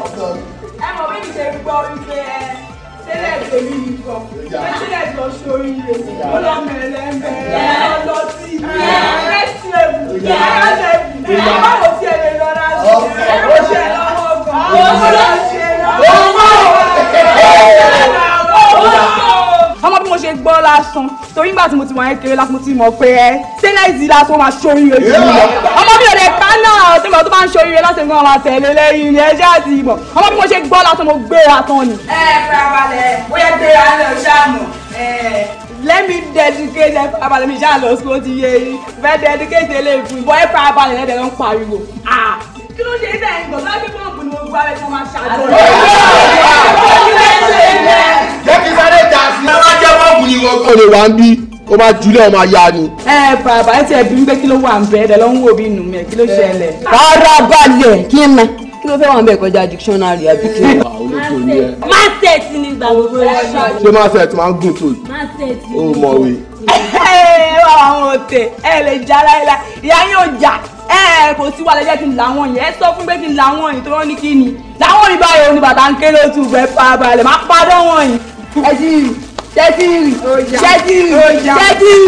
torí rẹ̀ ọlọ́mọ ẹlẹ́mẹ ọlọ́tí ẹlẹ́sìnẹ̀bù ẹlẹ́sìnẹ̀bù ẹ̀rọ tí ẹ lè lọ́ra ṣe ó ṣe lọ́wọ́ gan-an ó ṣe lọ́wọ́ ọmọ bí mo ṣe gbọ́ lásán torí nígbà tí mo ti wọ̀nyẹn kéré lásán mo ti mọ̀ pé ẹ sẹ́nẹ́ẹ̀tì lásán máa ṣoríire jù lọ ọmọ mi ò lè ká náà tí mo tó bá ń ṣoríire láti gbọ́n máa tẹ̀lé lẹ́yìn ilé ẹjẹ́ àti ìmọ̀ ọmọ bí mo ṣe gbọ́ lásán mo gbé àtọ́ ni. ẹ ẹ fara balẹ̀ bóyá gbéra lọ ṣáà mọ̀ let me dedicate ẹ farabalẹ̀ mi ṣáà lọ sọ ti yé yín fẹ́ dedicate eléyìí fún bọ́ ẹ farabalẹ̀ ẹ̀ dẹ̀ ń pariwo. kí ló ṣe dẹ́ ìgbọ̀n bá gbé bọ́ọ̀bù ni mo gba ẹ̀ fún wa ṣàlọ́. jẹ́ kí sáré jà sí. ẹ wá jẹ́ bọ́ọ̀bù ni wọ́n kọ́. o lè wá ń bí ó máa julẹ̀ ọmọ aya ni. ẹ bàbá ẹ ti ẹ bí wípé kí ló wà ń bẹ́ẹ̀ dẹ̀ lọ́wọ́ òbí nù mẹ́ kí ló ṣẹlẹ̀. rárá balẹ̀ kí n mẹ́ ló fẹ́ wà ń bẹ̀ kọjá dictionary àbí kí ni. Ah, olóṣù ni ẹ. market ni gbàgbọ́ rẹ̀ ṣọ́ọ̀ṣì. ṣé market máa ń gùn tó yìí. market ni ó mọ̀wé. ẹ wá àwọn ọ̀tẹ̀ ẹ lè jà láìla ìyá yóò jà ẹ kò sí wàhálà jẹ́ kí n làwọn yìí ẹ sọ fún pé kí n làwọn yìí tó wọ́n ní kí ni làwọn yìí báyìí òní bàtà ń ké lótú gbẹ farabalẹ̀ má padà wọ̀n yìí. ẹ ti rì ṣẹ́ ti rì ṣẹ́ ti rì ṣẹ́ ti rì.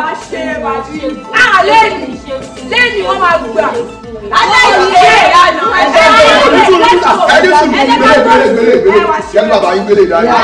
ah lẹ́yìn lẹ́yìn wọ́n máa gbà aláìní ẹ̀ ìyànà ẹ̀jẹ̀ ẹ̀jẹ̀ sùn gbélé gbélé gbélé gbélé yẹn bàbá yín gbélé ìdáyà.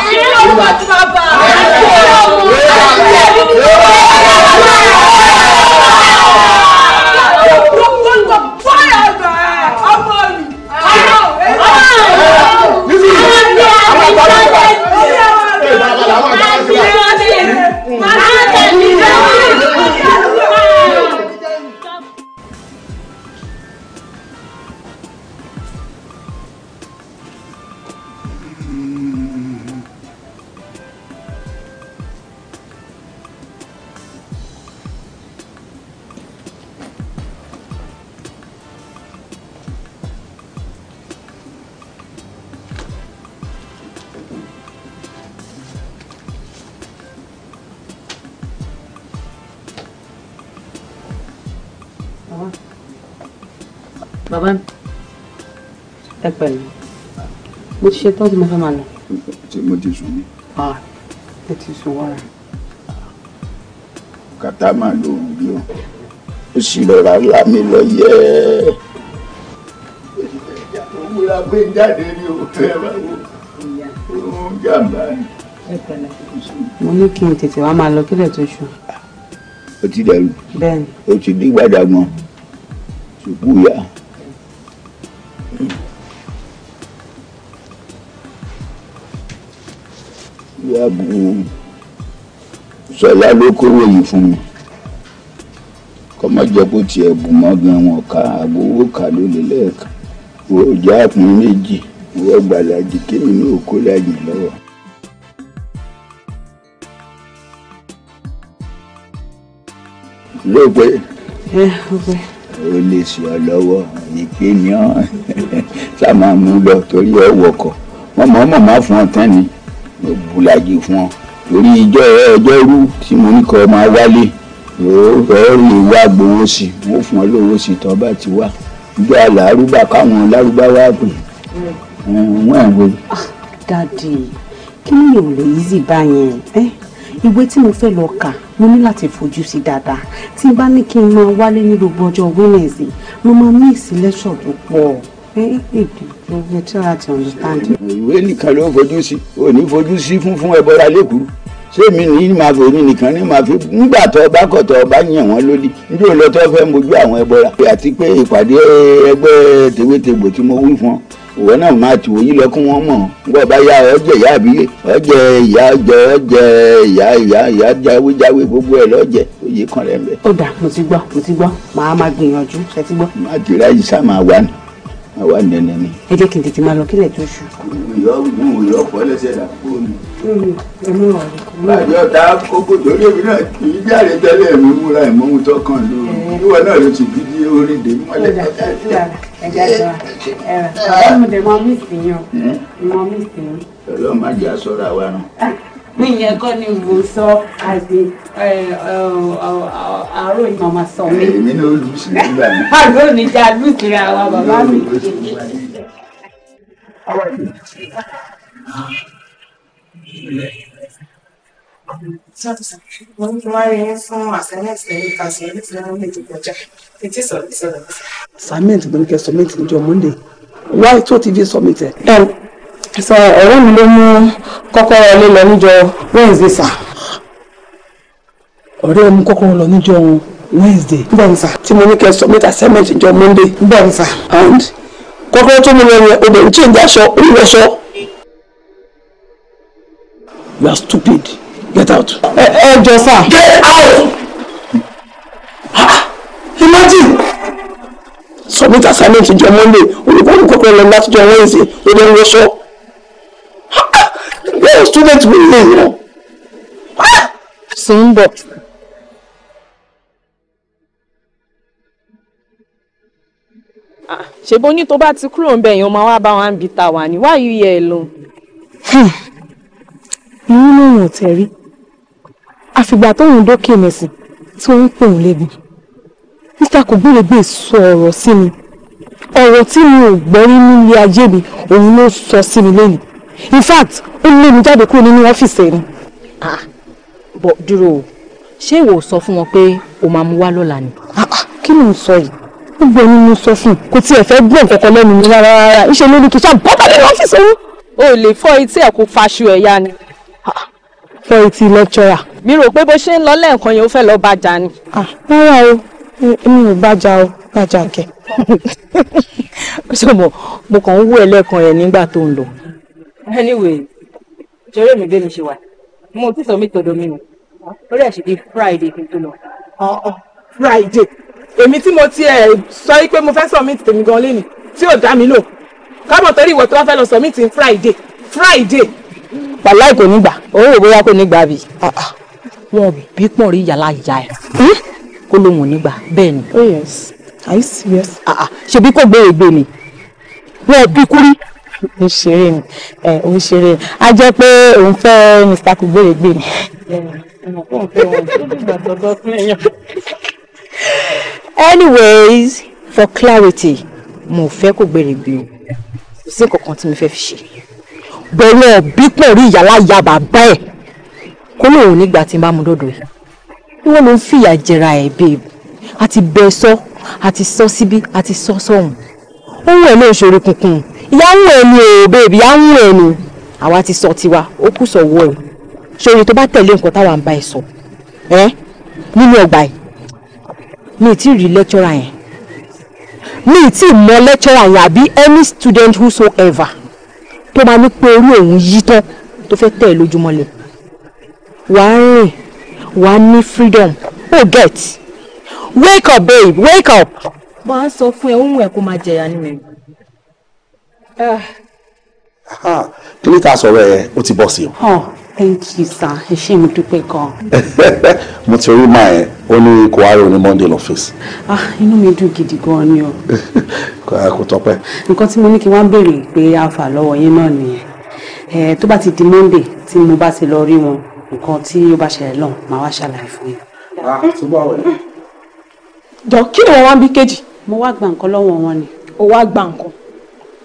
bàbá mi ẹ pẹ̀lú mo ti ṣe tán tí mo fẹ́ máa lọ. ṣé mo ti sùn ni. ẹ ti sùn wọ́ra. kàtá máa lo òun bí ni. mo ní kí n tètè wá máa lọ kílẹ̀ tó ṣù. ó ti dẹrù ó ti dígbàdàgbọ̀n ṣùkú ya. Ṣọlá ló kówó yìí fún mi kọ́ má jẹ́ kó tiẹ̀ bù mọ́ gan wọn ká agbowó ká ló lè lẹ́ẹ̀kan wo ìjà àpọn méjì wo ọgbàlàjì kémi náà kó lájì lọ́wọ́. ló pé ó lè sí ọ lọ́wọ́ ìpè ní ọ sá máa mú lọ torí ọ wọkọ̀ mọ̀mọ́ mọ̀mọ́ fún ọ tán ni mo bùlàjì fún ọ torí ìjọ ọjọ́rú tí mo ní kọ́ máa wálé yóò fẹ́ẹ́ rìn wá gbowó sí wọ́n fún ọ lówó sí tó bá ti wá ìjọ alárúbà káwọn lárúbáwá pè wọ́n ẹ̀ wé. dadi kí ni ò lè easy báyẹn ìwé tí mo fẹ́ lọ kà mo ní láti fojú sí dáadáa tí n bá ní kí n máa wálé ní gbogbo ọjọ́ Wednesday mo máa ní ìsílẹ̀ṣọ̀ tó pọ̀ you try to understand. ìwé nìkan ló ń fojú sí ò ní fojú sí funfun ẹbọra lẹkùú sẹ́mi ní màá fi òní nìkan ní màá fi nígbà tó ọba kọ̀ tó ọba yàn wọ́n lódì níjó lọ tó fẹ́ mojú àwọn ẹbọra àti pé ìpàdé ẹgbẹ́ tèwétegbò tí mo wí fún ìwọ náà máa tìwò yí lọ kí wọ́n mọ̀ nígbà ọba ya ọjẹ́ ìyá àbílẹ̀ ọjẹ́ ìyá ọjẹ́ ọjẹ́ ìyá ìyá ìyá jáwéjáwé gbogbo ẹ̀ lọ́jẹ́ òye kan rẹ̀ ń bẹ. ó dà mo ti gbọ́ mo ti gbọ́ màá máa gbìyànjú ṣe ti gbọ́. má ti ráyè sá máa wà ní àwa nẹ́nẹ́ ni. ẹ jẹ́ kí n tètè máa lọ kílẹ̀ tó ṣù. ìyọ́ wù ìyọ́ pọ̀ lẹ́sẹ̀ dà fún mi. bàjẹ́ ọ̀tá kókó torí èmi náà kì í jáde tẹ́lẹ̀ mi múra ìmọ̀mú tó kàn ló ìwọ náà ló ti gidi orí dè mọ́lẹ̀. ọlọ́run dẹ̀ mọ́ mí sí yàn. ọlọ́run má jẹ́ àsọ̀rọ̀ àwa náà mi yẹn kọ́ ni mo sọ àgbè àárọ̀ yìí màmá sọ mi. èmi náà lù sí nígbà mi. àlọ́ oníjà lù sí ra wa bàbá mi. Mo ń wá rí fún àsẹ́mẹ́ntì ní ìfàsẹ́ ní ìfìlẹ́ ní ètò ìkọjá. Ètí sọ̀rọ̀ sọ̀rọ̀. Àsàmẹ́ntì ló ń kẹ́ sọ̀mẹ́ntì níjọ́ Monday. Wáyé tó ti fi sọ̀mẹ́ntì ẹ̀. So, ọ̀rẹ́ mi ló mú kọ́kọ́rọ́ ilé lọ níjọ Wednesday sà. ọ̀rẹ́ mi kọ́kọ́rọ́ lọ níjọ Wednesday. bẹ́ẹ̀ni sà tí mo ní kẹ́ submit assignment jọ Monday. bẹ́ẹ̀ni sà. and kọ́kọ́rọ́ tó mú lọ yẹn o lè ń change aṣọ olùwẹ̀ṣọ. you are stupid get out. ẹ ẹ jọ sà. get out. Ah, imagine submit assignment jọ Monday olùkọ́ ní kọ́kọ́rọ́ lọ láti jọ Wednesday o lè ń yóò student mi lè yàn. sùn ń bọ̀. ṣèbó ní tó bá ti kúrò ń bẹ èèyàn máa wá bá wa ń bi ta wà ní wáyé yẹ ẹ lọ. irú lòun ò tẹ̀ rí àfìgbà tóun dókè mẹ́sìn tí wọ́n ń pè òun lébi mr kògbèrègbè sọ ọ̀rọ̀ sí mi ọ̀rọ̀ tí mi ò gbọ́ nílé ajé mi òun ló sọ sí mi lónìí in fact ó lé mi jáde kúrò nínú ọ́fíìsì ẹni. Ah, bọ̀ dúró o ṣé ìwọ sọ fún wọn pé o máa mú wá lọ́la ni. Ah, ah, kí ló ń sọ yìí gbogbo ẹni mo sọ fún kò tiẹ̀ fẹ́ gbọ́ nǹkan kan lẹ́nu mi rárá rárá ńṣe ló ní kí n ṣáà bọ́tà nínú ọ́fíìsì ẹni. o lè fọ etí ẹ̀ kó faṣu ẹ̀ ya ni. fọ etí lẹ́kṣọ́rà. mi rò pé bó ṣe ń lọ lẹ́ẹ̀kan yẹn ó fẹ́ lọ́ọ́ bàjá ni. rárá o mi ò bàjá o bàjá kẹ. ó ṣe mọ̀ mo kàn ń wú ẹlẹ́kan yẹn nígbà tó ń lọ anyway torí èmi bẹ́ẹ̀ mi ṣe wà mo ti sọ mí tọ̀dọ̀ mi o lórí ẹ̀ṣẹ̀ bíi friday kí n tó lọ. friday èmi tí mo ti ẹ̀ sọ pé mo fẹ́ submit tèmi gan lé ni tí ò dá mi lò kábọ̀ torí ìwọ tó wá fẹ́ lọ submit ní friday friday. wàláì kò ní gbà owó ìbóyá kò ní gbà bí. Ah, ah. wọn ò bí pọ̀ rí yàrá ìyá ẹ̀ hmm? kó lóun ò ní bẹ́ẹ̀ ni. Oh, yes i serious. Ah, ṣebí kò gbé ègbè ni wọn bí kúrí ń ṣeré ni ẹ ń ṣeré a jẹ́ pé òun fẹ́ Mr. Kugbore gbé mi. anyways for clarity mo fẹ́ kó gbèrè gbé o kò sí nǹkan kan tí mo fẹ́ fi ṣe bẹ̀rẹ̀ ọ̀bí pẹ̀lú ìyàlá ìyá bàbá ẹ̀ kó lóun nígbà tí n bá mu dọ́dọ̀ ẹ̀ ìwọ ló ń fìyà jẹra ẹ̀ babe àti bẹ́ẹ̀ sọ àti sọ síbí àti sọ sọ̀hún ohun ẹ̀ ló ń ṣòro kunkun yáwùn ẹni o bèbí yáwùn ẹni àwa ti sọ tiwa ó kù sọ̀wọ́ ẹ̀ ṣòro tó bá tẹ̀lé nǹkan táwa ń bá ẹ sọ ẹ nínú ọgbà ẹ mi ì tí ì rí lẹ́kṣọ́rà yẹn mi ì tí ì mọ lẹ́kṣọ́rà yẹn àbí any student whosoever tó máa ní pé orí òun yí tán tó fẹ́ tẹ̀ lójúmọ́lẹ̀ wàá rìn wàá ní freedom ó get wake up babe wake up. bá a sọ fún ẹ ohun ẹ kó máa jẹyà ni mẹ́rin kí ni ká sọ̀rọ̀ ẹ̀ ó ti bọ̀ sí o. Oh, thank you sir ẹ ṣé mo dúpẹ́ gan-an. mo ti rí máa ẹ ó ní kò wá rò ní monday lọ́fíìsì. ah inú mi dùn gidi gan-an ni o. kò tọ́pẹ́. nǹkan tí mo ní kí wọ́n béèrè pé alpha lọ́wọ́ yín náà nìyẹn tó bá ti di monday tí mo bá ti lọ rí wọn nǹkan tí ó bá ṣẹlẹ̀ lọ́hùn máa wá ṣàlàyé fún yín. Ah, jọ kí ni wọn wá ń bí kejì. mo wá gba nǹkan lọ́wọ́ wọn ni. o wá gba nǹkan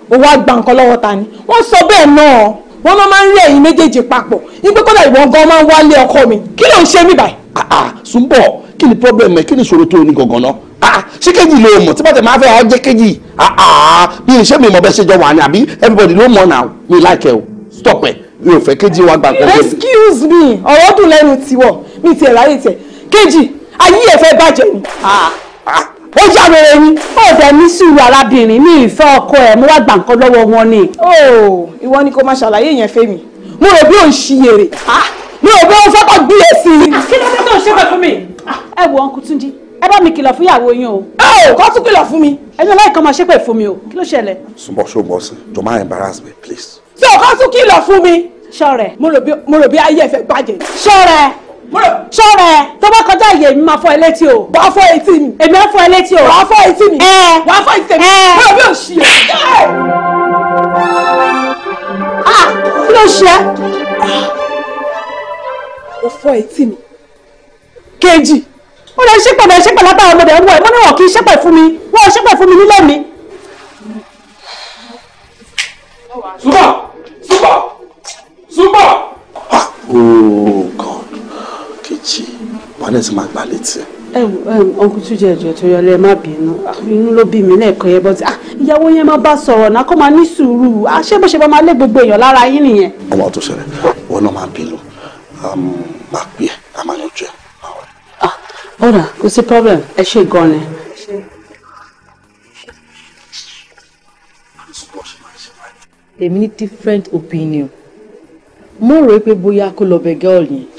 ó wá gba nǹkan lọ́wọ́ ta ni wọ́n sọ bẹ́ẹ̀ náà wọ́n ló máa ń rí ẹ̀yin méjèèjì papọ̀ ipe kọ́dà ìwọ̀n gan máa ń wálé ọkọ mi kí ló ń ṣe mí báyìí. Ah, ah, Sùnbọ̀ kí ni problem ẹ kí ni ìṣòro tó o ní gangan náà ah, ṣé kejì ló mọ̀ tí bàtẹ̀ máa fẹ́ ọ jẹ́ kejì bí iṣẹ́ mi mọ̀ bẹ́ẹ̀ ṣe jọ wà ní àbí everybody ló mọ̀ náà mi láìkẹ́ o stop ẹ̀ mi ò fẹ́ kejì wa gbà excuse me ọ̀rọ̀ dùn lẹ́nu tiwọ̀ mi tiẹ̀ ráyè tiẹ̀ kejì ayé ẹ̀ fẹ́ bàjẹ́ ni ó yàwèrè ni ó dẹ̀ ní sùúrù arábìnrin ní ìfẹ́ ọkọ ẹ̀ mo wá gbà nǹkan lọ́wọ́ wọn ni. ó ìwọ ni kò máa ṣàlàyé yẹn fẹ́mi mo rò bí ò ń ṣiyèrè mi ò bẹ wọn fẹ́ kọ́ gbíyè e sí i. kí ló dé tó ń ṣe pẹ̀lú mi. ẹ wo ọkùn túnjí ẹ bá mi kìlọ̀ fún ìyàwó yín o. ẹ ò kọ́ tún kìlọ̀ fún mi. ẹni aláìkan máa ṣépè fún mi o kí ló ṣẹlẹ̀. sùnbọ̀ ṣògbọ́n sí jọ máa embarrass me please. ṣé o kọ́ tún kìlọ̀ fún mi. ṣọ̀rẹ́ mo rò bí ayé ẹ fẹ́ bàjẹ́. ṣọ̀rẹ́ sọ̀rọ̀ ẹ̀ tó bá kọjá ìyè mi máa fọ elétí o. wàá fọ etí mi. èmi á fọ elétí o. wàá fọ etí mi. wàá fọ etí mi. bẹ́ẹ̀ bí o ṣì yẹ. kí ló ṣe é. o fọ etí mi. kejì ó lè ṣépè lè ṣépè látara ọmọdé ń wọ ẹ wọn náà kì í ṣépè fún mi wọn ò ṣépè fún mi nílé mi. súbọ̀ súbọ̀ súbọ̀. oh god méjì wọn lè sì máa gbà létí. ẹ ẹ ọkùnrin tún jẹ ẹjọ́ tó yọlẹ má bínú ah, inú ló bí mi lẹ́ẹ̀kan yẹn bọtí ah, ìyàwó yẹn má bá sọ̀rọ̀ náà kó máa ní sùúrù àṣẹ ah, bó ṣe bá máa lé gbogbo èèyàn lára yín nìyẹn. ọmọ tó ṣẹlẹ̀ wọn náà máa bínú um, máa pè é a máa yanjú ẹ. ọ̀rà kò sí problem ẹ ṣe gan ni. èmi ní different opinion mo rò pé bóyá kó lọ bẹ gẹ́ọ̀lì yẹn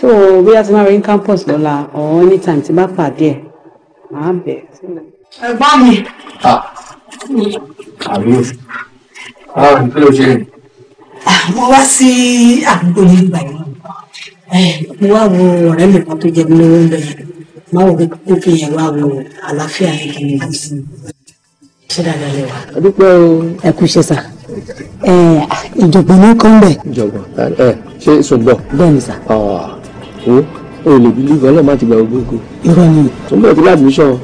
so bí a ti máa rí ní campus lọ́la or anytime tí bá pàdé ẹ̀ máa bẹ̀. ẹ̀gbọ́n mi. Ah. àbí báwo ah, ni kí ló ṣe. Ah, mo wá sí àdúgbò yìí gbà eh, yìí mo wá wo ọ̀rẹ́ mi kan tó jẹ mí lówó ń bẹ̀ yẹn máa wò ó fi yẹn wá wo àlàáfíà yẹn kì í bù sí i ṣe dáadáa lẹ́wà. dúpẹ́ o ẹ kú iṣẹ́ sà eh, ìjọ̀gbọ̀n ní kọ́ńbẹ̀. ìjọ̀gbọ̀n ẹ eh, ṣé sọ̀gbọ̀n. bẹ́ẹ̀ ni sà o lè bí lífọ náà má ti gba ogógo. irọ́ ni. tún bẹ̀rẹ̀ tí láàdmíṣàn ó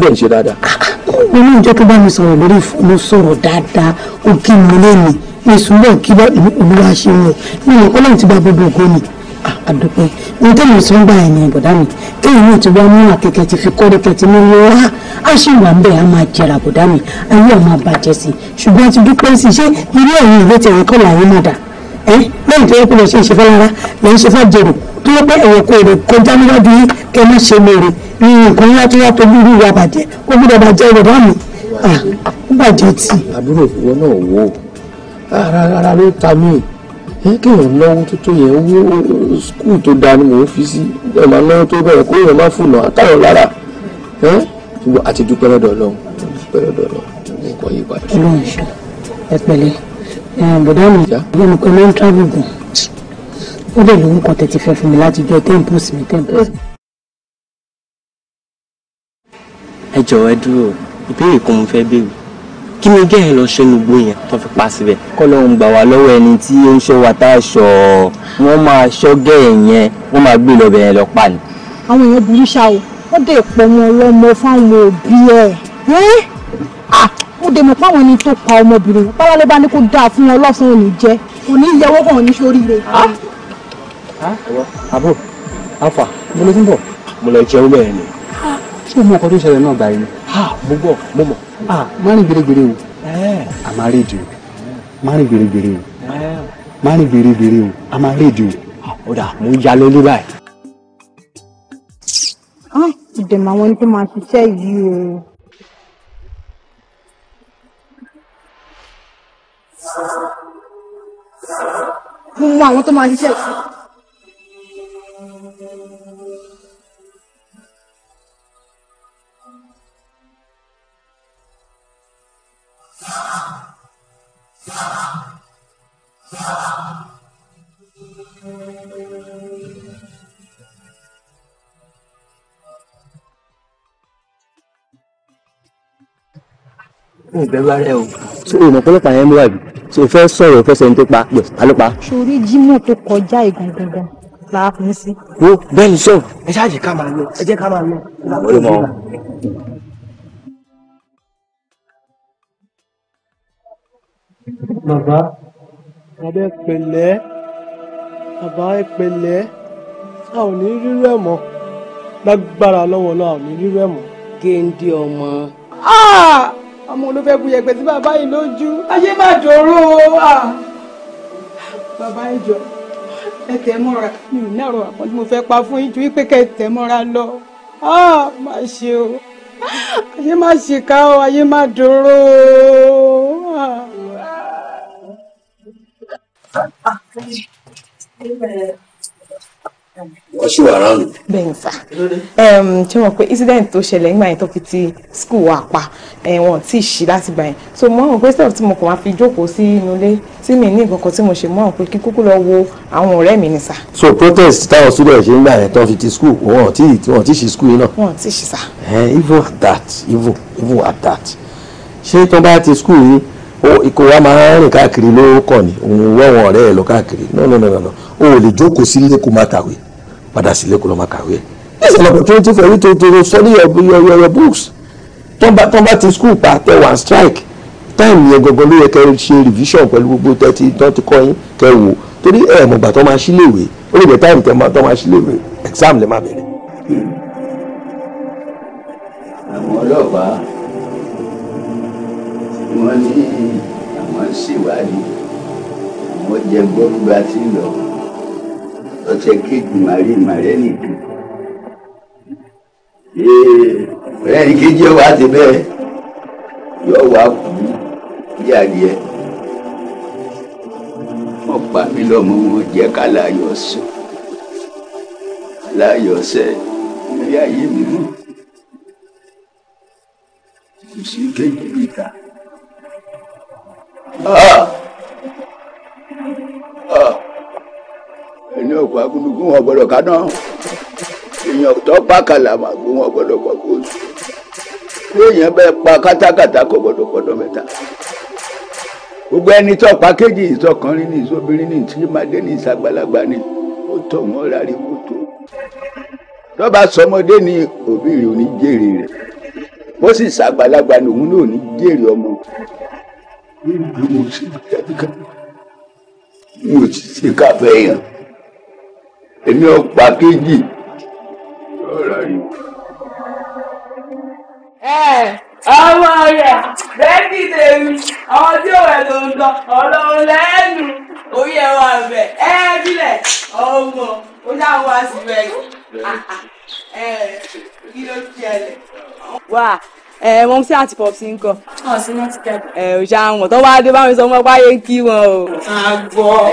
dẹ̀ ń ṣe dáadáa. Ah, ah, mo ní ìjọ tó bá mi sọ̀rọ̀ lórí mo sọ̀rọ̀ dáadáa ó kí mi lónìí mi sùn bọ̀ kí bá èmi olúwa ṣe wọn mi ò kọ́lọ́run ti bá gbogbo ògo ni àdúpẹ́ ah, ohun tẹ́lẹ̀ sọ ń gba ẹ̀yìn ìbọ̀dá mi kéèyàn náà ti wá mú àkẹ́kẹ́ ti fi kọ́rí kẹ́tì ní wọ́n wá Eh, lẹ́yìn tó yẹ kó lọ ṣe ìṣẹ́fẹ́ rárá lẹ́yìn ṣẹ́fẹ́ jẹ̀rù tó yẹ pé ẹ̀yẹ kò rè kọjá níwájú yín kẹ́ má ṣe mèrè ní nǹkan ńlá tó yàtọ̀ bí irú ìwà bàjẹ́ ó gbọ́dọ̀ bàjẹ́ rẹ̀ bá mi ó bàjẹ́ tì. àbúrò ìwọ náà wò ó ah, ara ló ta mí kéèyàn náwó tó tó yẹn owó skul tó dáa ni mò ń fi sí ẹ̀ máa náwó tó bẹ̀rẹ̀ kó èèyàn má fùnà àtàwọn lára àti dúpẹ́ lọ́dọ̀ ọlọ́run dúpẹ́ lọ́dọ̀ ọlọ́run nǹkan yí padà. ẹ pẹ̀lẹ́ Eh, bọ̀dá mi ìyá mi pé mental bugun ó lè lóun kan tètè fẹ́ fún mi láti jọ temples mi temples. ẹ jọ̀wọ́ ẹ dúró ìbéèrè kan mo fẹ́ béèrè kí ni gẹ́ẹ̀ lọ ṣe nùgbò yẹn tó fi pa síbẹ̀. kọ́lọ́hún gbà wá lọ́wọ́ ẹni tí ó ń ṣọ́ wa tá a ṣọ ọ́ wọ́n máa ṣọ́ gẹ́ẹ̀ yẹn wọ́n máa gbé lọ́bẹ̀ yẹn lọ pa ni. àwọn èèyàn burú ṣá o wọ́n dẹ̀ pọ̀ mọ́ ọlọ́mọ fáwọn òbí ẹ̀ mo dẹ̀ mọ̀ páwọn ẹni tó pa ọmọbìnrin báwa ló bá ní kó dáa fún wọn lọ́sàn ò ní jẹ́ kò ní yẹwọ́ kàn ní sóríire. àbò àfà mo lọ sí bọ̀ mo lọ jẹun bẹ́ẹ̀ ni ṣé o mọ ọkọ tó ṣẹlẹ̀ náà gbà yín. mo gbọ́ mo mọ̀. má rìn gbèrègbèrè o a máa rédíò má rìn gbèrègbèrè o má rìn gbèrègbèrè o a máa rédíò. ọ̀dà mo ń yalé ní báyìí. ìdèmọ̀ àwọn ẹni tó máa ṣiṣẹ́ yìí o. uma outra mais interessante. હું ભેગા રહ્યો શું મોકલો so fẹ́ sọ̀rọ̀ fẹ́ sẹ́ni tó pa pẹ̀ ta ló pa. sori jimoh tó kọjá ìgangan la fi ń sí. wo bẹ́ẹ̀ ni sọ ẹ ṣáàjì ká máa lọ ẹ jẹ́ ká máa lọ. ìwé mọ. bàbá bàbá ẹ pẹ̀lẹ́ bàbá ẹ pẹ̀lẹ́ a ò ní rírú ẹ̀ mọ́ lágbára lọ́wọ́ náà a ò ní rírú ẹ̀ mọ́. géńdé ọmọ. Ah! ọmọ olófẹ́ bu yẹ̀pẹ̀ sí bàbá yìí lójú ayé má dòrò à bàbá ìjọ ẹ tẹ̀ mọ́ra mi ò ní àròwà kan tí mo fẹ́ pa fún yín ju wípé kẹ́ ẹ tẹ̀ mọ́ra lọ má ṣe o ayé má ṣìkà o ayé má dòrò à. Thank ah, you wọ́n ṣì wà ráàlú. bẹ́ẹ̀ni sá ṣé wọn pé incident tó ṣẹlẹ̀ nígbà yẹn tó fi ti school wa pa wọn tí ì ṣí láti gbà yẹn so mo àwọn pé sẹ́wọ̀n tí mo kàn máa fi jókòó sí inú ilé tí mi ní nǹkan tí mo ṣe mo àwọn pé kí kúkú lọ wo àwọn ọ̀rẹ́ mi ni sá. so protest táwọn students ṣe ń gbà yẹn tó fi ti school wọn tí wọn tí ì ṣí school yìí náà. wọn tí ì ṣí sá. even at that even even at that ṣé tó bá ti school yìí ikọ̀ wa máa ń rìn káàkiri ló kàn ní òun wọ́n ọ̀rẹ́ ẹ̀ lọ káàkiri no no no no o ò lè jókòó sílé kó má kàwé padà sílé kó lọ máa kàwé ẹ̀. this is an opportunity for you to to study your your your, books. your back tọ́nba back to school pa tẹ one strike time yẹn gangan ló yẹ kẹ́ ṣe revision pẹ̀lú gbogbo tẹ́tí tó ti kọ́ yín kẹ́ wò torí ẹ̀ mọ̀gbà tó máa ṣíléèwé ó lè jẹ́ time tẹ́ tó máa ṣíléèwé exam lè má bẹ̀rẹ̀. àwọn ọlọ́pàá wọ́n ní àwọn ṣèwádìí wọ́n jẹ gbọ́dúgba tí ń lọ ọ̀sẹ̀ kejì màrí màrẹ́ nìkan ọ̀rẹ́ ní kejì ọwọ́ àti bẹ́ẹ̀ yọ wá kú bí adìẹ wọn pa mí lọ́mọ wọn jẹ́ ká láyọ̀ sọ láyọ̀ sẹ́ ilé ayé mi mọ́ kò sí kejì níta. Ah! Ah! ẹni ọ̀pọ̀ agúnugún wọn gbọ́dọ̀ kaná èèyàn tó pa kàlàmàgbó wọn gbọ́dọ̀ pọ̀ kó oṣù léèyàn bẹ́ẹ̀ pa kátákátá kò gbọ́dọ̀ pọ̀dọ̀ mẹ́ta gbogbo ẹni tó pa kéjì ìtọkànrin ní ìsobìnrin ní ìtìmádé ní ìsàgbàlagbà ni ó tọ̀ wọ́n rárí kó tó tọ́ba sọmọdé ni òbí rẹ̀ ò jèrè rẹ̀ bó sì sàgbàlagbà ni òun náà ní jèrè ọmọ mi ò sì ká fẹ́ èmi ọ̀pá kejì ọ̀rọ̀ yìí. ẹ ọmọ rẹ bẹ́ẹ̀ni tèmi ọmọ tí òwe tó ń tọ Ọlọ́run lẹ́nu orí ẹ wà bẹ ẹ bílẹ̀ ọmọ ó dáa wá sí bẹ́ẹ̀ ẹ kí ló ti ẹ lẹ. wà ẹ wọn sí àti pop sí ń kọ. ọ sí náà ti kẹ. ẹ ò ṣe tó wá dé báwọn sọ wọn wáyé kí wọn o. àgbọ̀.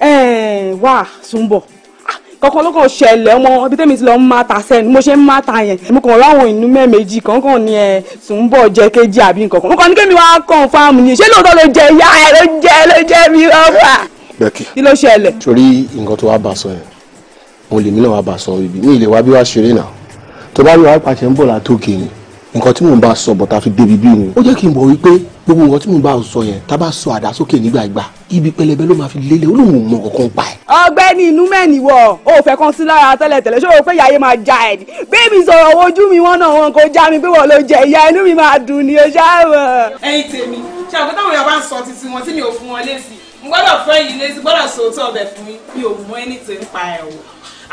Eh, wá Sùnbọ̀ ah, kankan ló kàn ṣẹlẹ̀ ọmọ ibi tẹ́mi ti lọ ń má ta sẹ́ni mo ṣe ń má ta yẹn mo kàn ráwọn inú mẹ́ẹ̀mejì kankan ni ẹ eh, Sùnbọ̀ jẹ kéjì àbí nkankan mo kàn ní kémi wá confirm ni ṣé lóòótọ́ ló jẹ ìyá ẹ ló jẹ ló jẹ mi ọ̀fà. Bẹ́ẹ̀kì kí ló ṣẹlẹ̀. torí nǹkan tó wá bá sọ yẹn mo lè mí náà wá bá sọ ibi ní ilé wa bí wàá ṣeré náà tó bá rí wàá pàṣẹ ń bọ̀ látòkè gbogbo nǹkan tí mo bá ń sọ yẹn tá a bá sọ àdá sókè nígbàgbà ibi pẹlẹbẹ ló máa fi lélẹ̀ olóhùn mọ kankan pa ẹ. ọ̀gbẹ́ni inú mẹni wọ o fẹ́ kan sí lára tẹ́lẹ̀tẹ́lẹ̀ ṣé o fẹ́ yàyé máa ja ẹ bí mi sọ̀rọ̀ ojú mi wọn náà wọn kò já mi pé wọn ló jẹ ìyá inú mi máa dùn ni o ṣá mọ. ẹ̀yin tèmi ṣe àgbẹ̀tàn òyà bá ń sọ títí wọn tí mi ò fún wọn lésì mo gbọ́dọ̀ fún ẹ̀yin lésì gbọ́dọ̀ sòótọ́ ọbẹ̀ fún mi mi ò mọ ẹni tí ń pa ẹ̀ wò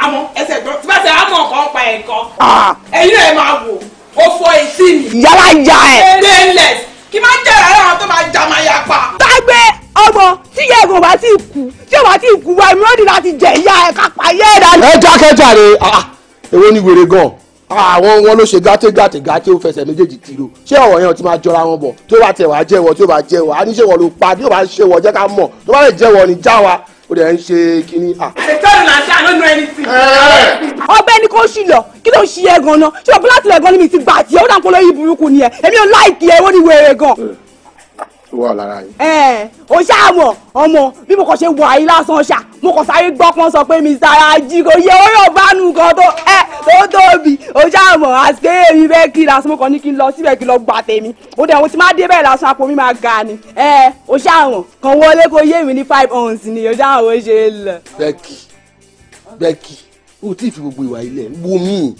àmọ́ ẹsẹ̀ gbọ́ tí bá ti àmọ́ ọ̀kan pa ẹ̀ kan ah. ẹ̀yin ẹ máa wò ó fọ etí mi. yàrá ja ẹ. painless kí má jẹ́ rárá àwọn tó máa jà máa yà pa. gbàgbé ọmọ tí ìyá ẹ̀gbọ́n bá ti kú tí ọba ti kú wa ìmúlòdì láti jẹ ìyá ẹ̀ kápá yẹ́ ẹ̀ dání. ẹ jákẹ́ jàre ah, ah, èwo ni wèrè gan ah, àwọn wọn ló ṣe gàtẹ gàtẹ gàtẹ ó fẹsẹ̀ méjèèjì tìrò ṣé ọ̀rọ̀ yẹn ti máa jọra wọn bọ̀ tó bá tẹ̀ wá jẹ́wọ́ tó bá jẹ́wọ́ àníṣe wọn ló pa tí ó bá ṣe wọ jẹ́ ká mọ̀ tó bá lè jẹ́wọ́ ni já wa ó dẹ̀ ń ṣe kínní. àtẹ̀tọ́rù là ń ṣe àná nù ẹni tì. ọbẹ̀ ni kò ṣì lọ kí ló ń ṣe ẹ gan-an ṣé ọ̀bùn láti lọ gan-an ni mi ti gbà tiẹ̀ ó dà ń polówó yìí burúkú ni ẹ èmi ò láìkì ẹ ó ní wèrè gan-an tó wà lára yìí. ẹ o ṣáà mọ ọmọ bí mo kàn ṣe wà yìí lásán ṣá mo kàn sáré gbọ́ pọ́n sọ pé mr ají kò yẹ ó yóò bá nù kan tó ẹ tó tóbi o ṣáà mọ àsìkò èmi fẹ́ kí lásán mo kàn ní kí n lọ síbẹ̀ kí n lọ gbà tèmi ó dẹ̀ wọ́n ti máa dé bẹ́ẹ̀ lásán àpò mi máa ga ni ẹ o ṣáà mọ kàn wọlé kó yé mi ní five ounce ni o ṣáà mọ ó ṣe é lọ. bẹ́ẹ̀kì bẹ́ẹ̀kì o tí ì fi gbogbo ìwà ilẹ̀ wo mí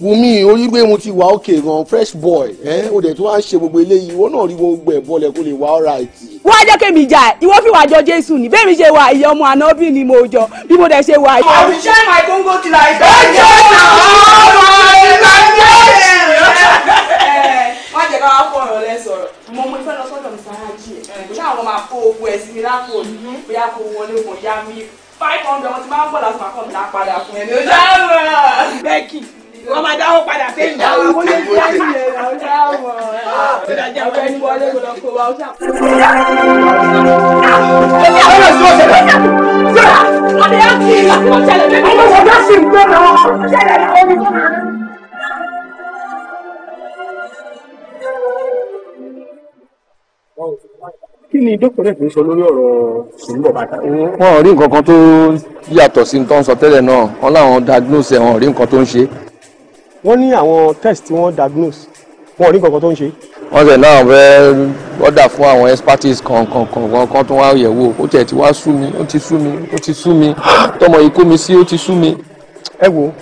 wùmí orí pé ti wà òkè gan fresh boy o dẹ̀ tó wá ń ṣe gbogbo eléyìí ìwọ náà rí gbogbo ẹ̀ bọ́ọ̀lù kó lè wá alright. wọ́n á jẹ́ kémi jà ẹ̀ ìwọ fi wà jọ jésù ni bẹ́ẹ̀ mi ṣe wà ìyá ọmọ àná bí ni mo jọ bí mo dẹ̀ ṣe wà. àbí ṣé my congo kìlà ìgbà jẹ́ ọmọ ìgbà jẹ́ má jẹ́ ká wá ọ̀rọ̀ lẹ́ mo mo fẹ́ lọ sọ́dọ̀ mr ẹ̀ ṣáà wọn máa kó owó ẹ̀ sí mi lápò mm-hmm. bóyá kó wọlé wọ́n máa dáwọ́ padà sẹ́yìn. àwọn ọmọ ní ìyá mi yẹn là ń dáwọ́ ọ̀dájà ọmọ ẹni wọlé kò lọ kó wa ó ṣàkóso. ẹni àwọn ọmọ ìṣòro ṣẹlẹ̀ ṣẹlẹ̀ ọdẹ yà kì í láti mọ ṣẹlẹ̀ bẹ́ẹ̀. ọmọ ìṣòro ṣì ń gbọ́dọ̀ ṣẹlẹ̀ làwọn ọmọ ìṣòro náà. kí ni dókítà fi ń sọ lórí ọ̀rọ̀ ṣùgbọ́n bàtà. wọn ò rí nǹkan kan tó yàtọ̀ sí ní tó ń sọ tẹ́lẹ̀ náà wọn láwọn diagnose ẹ̀ wọn ò rí nǹkan tó ń ṣe é wọ́n ní àwọn test tí wọ́n diagnose wọn ò ní kankan tó ń ṣe. wọ́n ṣe náà fẹ́ ọ̀dà fún àwọn expertise kankan kankan kan tó wá yẹ̀ wò ó tiẹ̀ ti wá sú mi ó ti sú mi ó ti sú mi tọmọ yìí kó mi sí ó ti sú mi. ẹ wo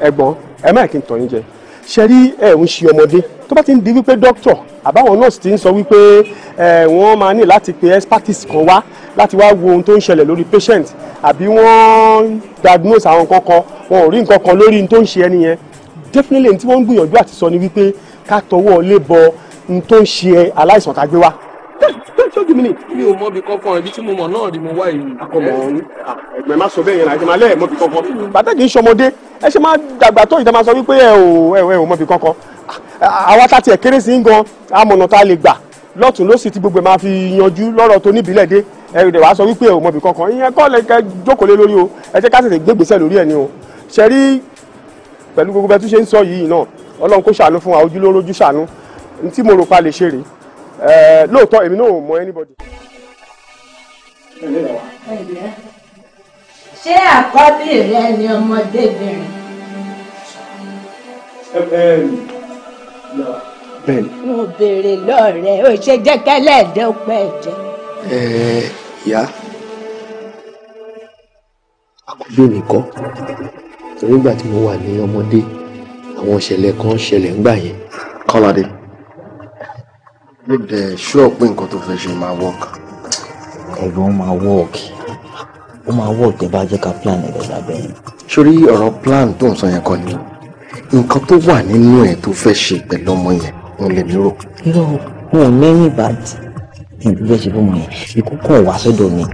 ẹ̀gbọ́n ẹ má kí n tọyín jẹ ṣe rí ẹ ń ṣe ọmọdé tó bá ti ń di wípé dókítà àbáwọn nọ́ọ̀sì ti ń sọ wípé ẹ wọ́n máa ní láti pe expertise kan wá láti wá wo ohun tó ń ṣẹlẹ̀ lórí patient àbí wọ́n diagnose àwọn kankan wọn ò rí nǹkan kan lórí ohun tó ń ṣe ẹni definitely ní tí wọ́n ń gbìyànjú àti sọ ni wípé ká tọwọ́ lé bọ n tó ń ṣe aláìsàn tá a gbé wá. tọ́jú mi ni. mi ò mọ ibi kankan ibi tí mo mọ̀ náà ni mo wá yìí. akọmọ ẹgbẹ́ má sọ bẹ́ẹ̀ yẹn láti máa lẹ́ẹ̀ mọ́ ibi kankan. bàtà kì í ṣọmọdé ẹ ṣe máa dàgbà tó ìdá máa sọ wípé ẹ ò ẹ ò mọ ibi kankan. àwa tá tiẹ̀ kéré sí gan amọ̀nà tá a lè gbà lọ́tún ló sì ti gbogbo máa fi yanjú lọ́rọ̀ tó níbílẹ̀ dé ẹ̀rù dẹ̀ wá sọ wípé ẹ ò mọ ibi kankan ìyẹn kọ́ lẹ́kẹ́ jókòó lé lórí o ẹ jẹ́ ká tètè gbégbèsè lórí ẹ̀ ni o ṣe pẹ̀lú gbogbo bẹ́ẹ̀ tún ṣe ń sọ yìí náà ọlọ́run kó ṣàánú fún wa ojúlóró ojú ṣàánú tí mo rò pa lè ṣe rèé lóòótọ́ èmi náà ò mọ anybody. ṣé àkọ́bí rẹ ni ọmọdébìnrin. bẹ́ẹ̀ni. mo béèrè lọ́rẹ̀ ó ṣe jẹ́ kẹ́lẹ́ ẹ̀dẹ́ ó pẹ́ ẹ̀jẹ̀. ìyá àkọ́bí mi kọ́ torí ìgbà tí mo wà ní ọmọdé àwọn ìṣẹ̀lẹ̀ kan ṣẹlẹ̀ ńgbà yẹn. Kọ́ládé ló dẹ̀ ṣúọ̀ pé nǹkan tó fẹ́ ṣe máa work. ẹ̀rọ máa work ó máa work tẹ́ bá jẹ́ ká plan ẹ̀rọ lábẹ́ yẹn. sórí ọ̀rọ̀ plan tó ń sọ yẹn kọ́ ni nǹkan tó wà nínú ẹ̀ tó fẹ́ ṣe pẹ̀lú ọmọ yẹn ń lè mí rò. irọ́ wọn ò mẹ́rin ìbàdí ìdúgbẹ́sẹ̀ fún mi yẹn ikú sọ́dọ̀ mi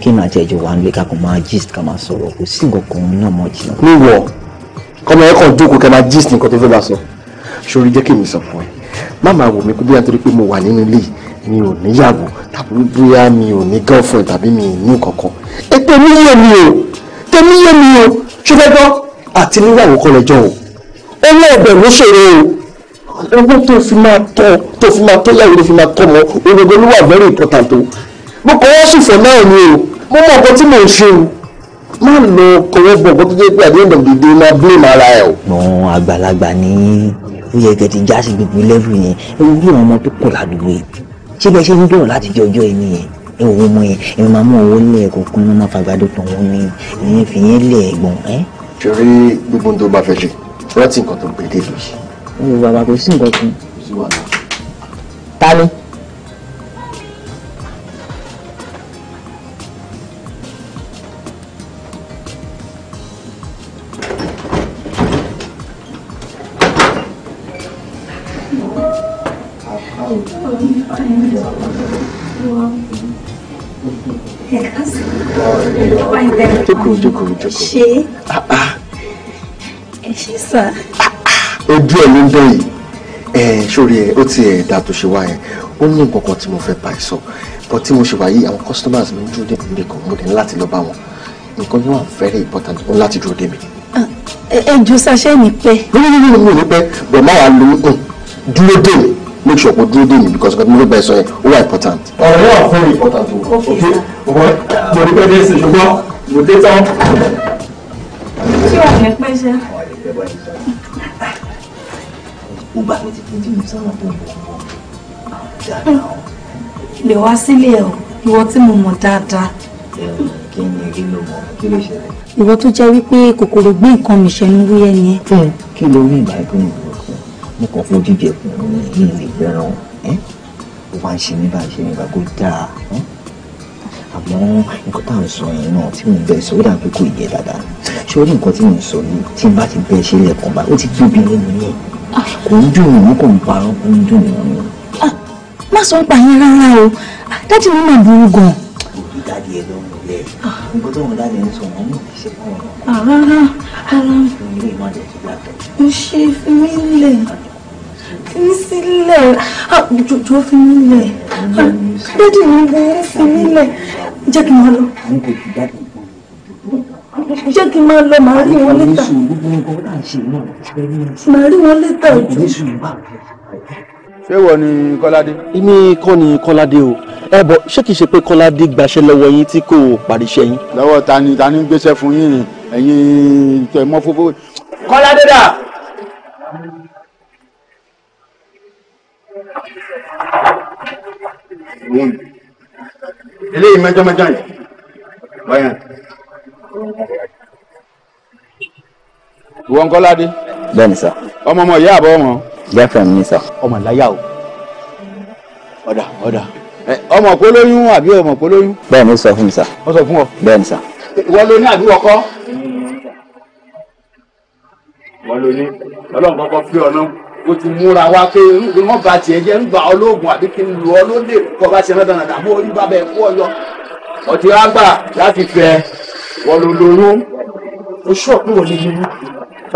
kí ni àti ẹjọ́ wà nílé ká kò máa gist ká máa sọ̀rọ̀ kò sí nǹkan kan náà mọ̀ jìnnà. ní ìwọ kọ́mọ ẹ kàn jókòó kẹ́ máa gist nǹkan tó fẹ́ bá sọ sórí jẹ́ kí mi sọ fún ẹ má máa wò mí pé bóyá nítorí pé mo wà nínú ilé mi ò níyàwó tàbí bóyá mi ò ní girlfriend tàbí mi ò ní kankan ẹ tẹ̀mí yé mi o tẹ̀mí yé mi o ṣọfẹ́gbọ́ àti níyàwó kọ́ lẹ́jọ́ o owó ọ̀bẹ̀ ló ṣòro o owó tó fi máa tọ́ tó fi máa tọ́ yàwó tó fi máa tọ́ mọ́ owó ló wà very important o mo kọ́wọ́ ṣùfọ̀ náà ni o mo mọ nǹkan tí mò ń ṣe o má lọ kọ́wọ́ bọ̀ nǹkan tó jẹ́ pé àdéhùn dàbí dé máa blame ara ẹ̀ o. àwọn àgbàlagbà ní ó yẹ kẹ́ ti já sí gbogbo lẹ́rù yẹn ẹ wo bí àwọn ọmọ tó pọ̀ ládùúgbò yìí ṣé bẹ́ẹ̀ ṣe ń dùn láti jẹ ọjọ́ ẹni yẹn ẹ wo ọmọ yẹn ẹ máa mú owó lẹ̀ kọ̀ọ̀kan ní máa fàgbàdo tàn wọ́n ní ìyẹn fi yẹn lẹ̀ ẹ̀gbọ́n ẹ. ṣeré gbogbo tó bá fẹ́ ṣe rántí nǹkan tó gbèdé lóṣì. ẹ wo bàbá kò jókòó jókòó jókòó. ṣe ẹ ṣe sà. ojú ẹ ló ń dán yìí ẹ sórí ẹ ó ti ẹ dà tó ṣe wá ẹ ó ní nǹkan kan tí mo fẹ́ bá ẹ sọ but tí mo ṣe wá yìí àwọn customers mi ń dúró dé mi kan mo ní láti lọ bá wọn nǹkan yóò wà very important ó láti dúró dé mi. ẹ jù sàṣẹ́ ní pẹ́. no no no mi ò ní pẹ́ bọ̀ máa wà lóyún dúró dé mi make sure kò dúró dé mi because nǹkan tí mo fẹ́ bẹ́ẹ̀ sọ yẹn ó wà important. ọ̀rọ̀ yẹn wà very important o ok ọ̀gbọ́n mo ní pẹ́ dé sí ṣùgbọ́n mo dé tán. ṣé wàá kẹ́ pẹ́ ṣe. ó bá mi ti fi jí mi sọ́nà tó ń bọ̀ lè wá sílé ẹ o ìwọ tí mo mọ̀ dáadáa. kí ni kí ló mọ̀ kí ló ìwọ tó jẹ́ wípé kòkòrò gbé nǹkan mìṣẹ́nu wúyẹ́ ni ẹ. kí ló rí ìgbà ìpín mi mo kàn fún jíjẹ kù ní ilé ó wá ń ṣe ní báyìí ṣe nígbà kó dáa àmọ́ nǹkan tá à ń sọ yẹn náà tí mo bẹ sọ ó dà pé kò yẹ dáadáa ṣé ó ní nǹkan tí mo sọ yìí tí n bá ti bẹ ṣe lẹ́ẹ̀kan báyìí ó ti gbé obìnrin lẹ́nu yẹn kò ń dùn mí kò ń parọ́ kò ń dùn mí. Ah, má sọ ń pa yín rárá o ah, dájú mi máa burú gan-an nǹkan tó wọn dáadé ń sọ wọn ní ìṣe fún wọn. rárá rárá ilé ìmọ̀ àjẹ́ ti gbàgbé. mo ṣe fi mí lẹ̀ fi mí sílẹ̀ àjòjò fi mí lẹ̀ dédì mi bẹ fi mí lẹ̀ jẹ́ kí n máa lọ. jẹ́ kí n máa lọ màá rí wọn létà. màá rí wọn létà ojú. ṣé wọ ni Kọ́ládé. èmi kọ́ ni Kọ́ládé o ẹ bọ ṣé kìí ṣe pé kọ́ládé gbaṣẹ́ lọ́wọ́ yín tí kò paríṣẹ́ yín. lọ́wọ́ ta ni ta ni ń gbéṣẹ́ fún yín ẹ̀yin tẹ̀ mọ́ fófó. kọ́ládé dà. eléyìí mẹjọmẹjọ yìí báyà ìwọ ń kọ́ládé. bẹ́ẹ̀ni sá. ọmọ ọmọ ìyá àbọ̀ ọmọ. girlfriend mi sá. ọmọ ìláyà o. ọ̀dà ọ̀dà ọmọ kó lóyún àbí ọmọ kó lóyún. bẹ́ẹ̀ni ó sọ fún mi sá. ó sọ fún ọ. bẹ́ẹ̀ni sá. ìwọ ló ní àbí wọkọ. ìwọ ló ní Ọlọ́run kọ́kọ́ fi ọ náà o ti múra wa pé wọn bá tiẹ̀ jẹ́ ń gba olóògùn àbí kí n lù ọ lóde kọ bá ṣe rẹ dandan àbó orí bá bẹ kú ọyọ ọtí wa gbà láti fẹ́ wọn ló lóyún oṣù ọ̀pẹ wò ni yíyú.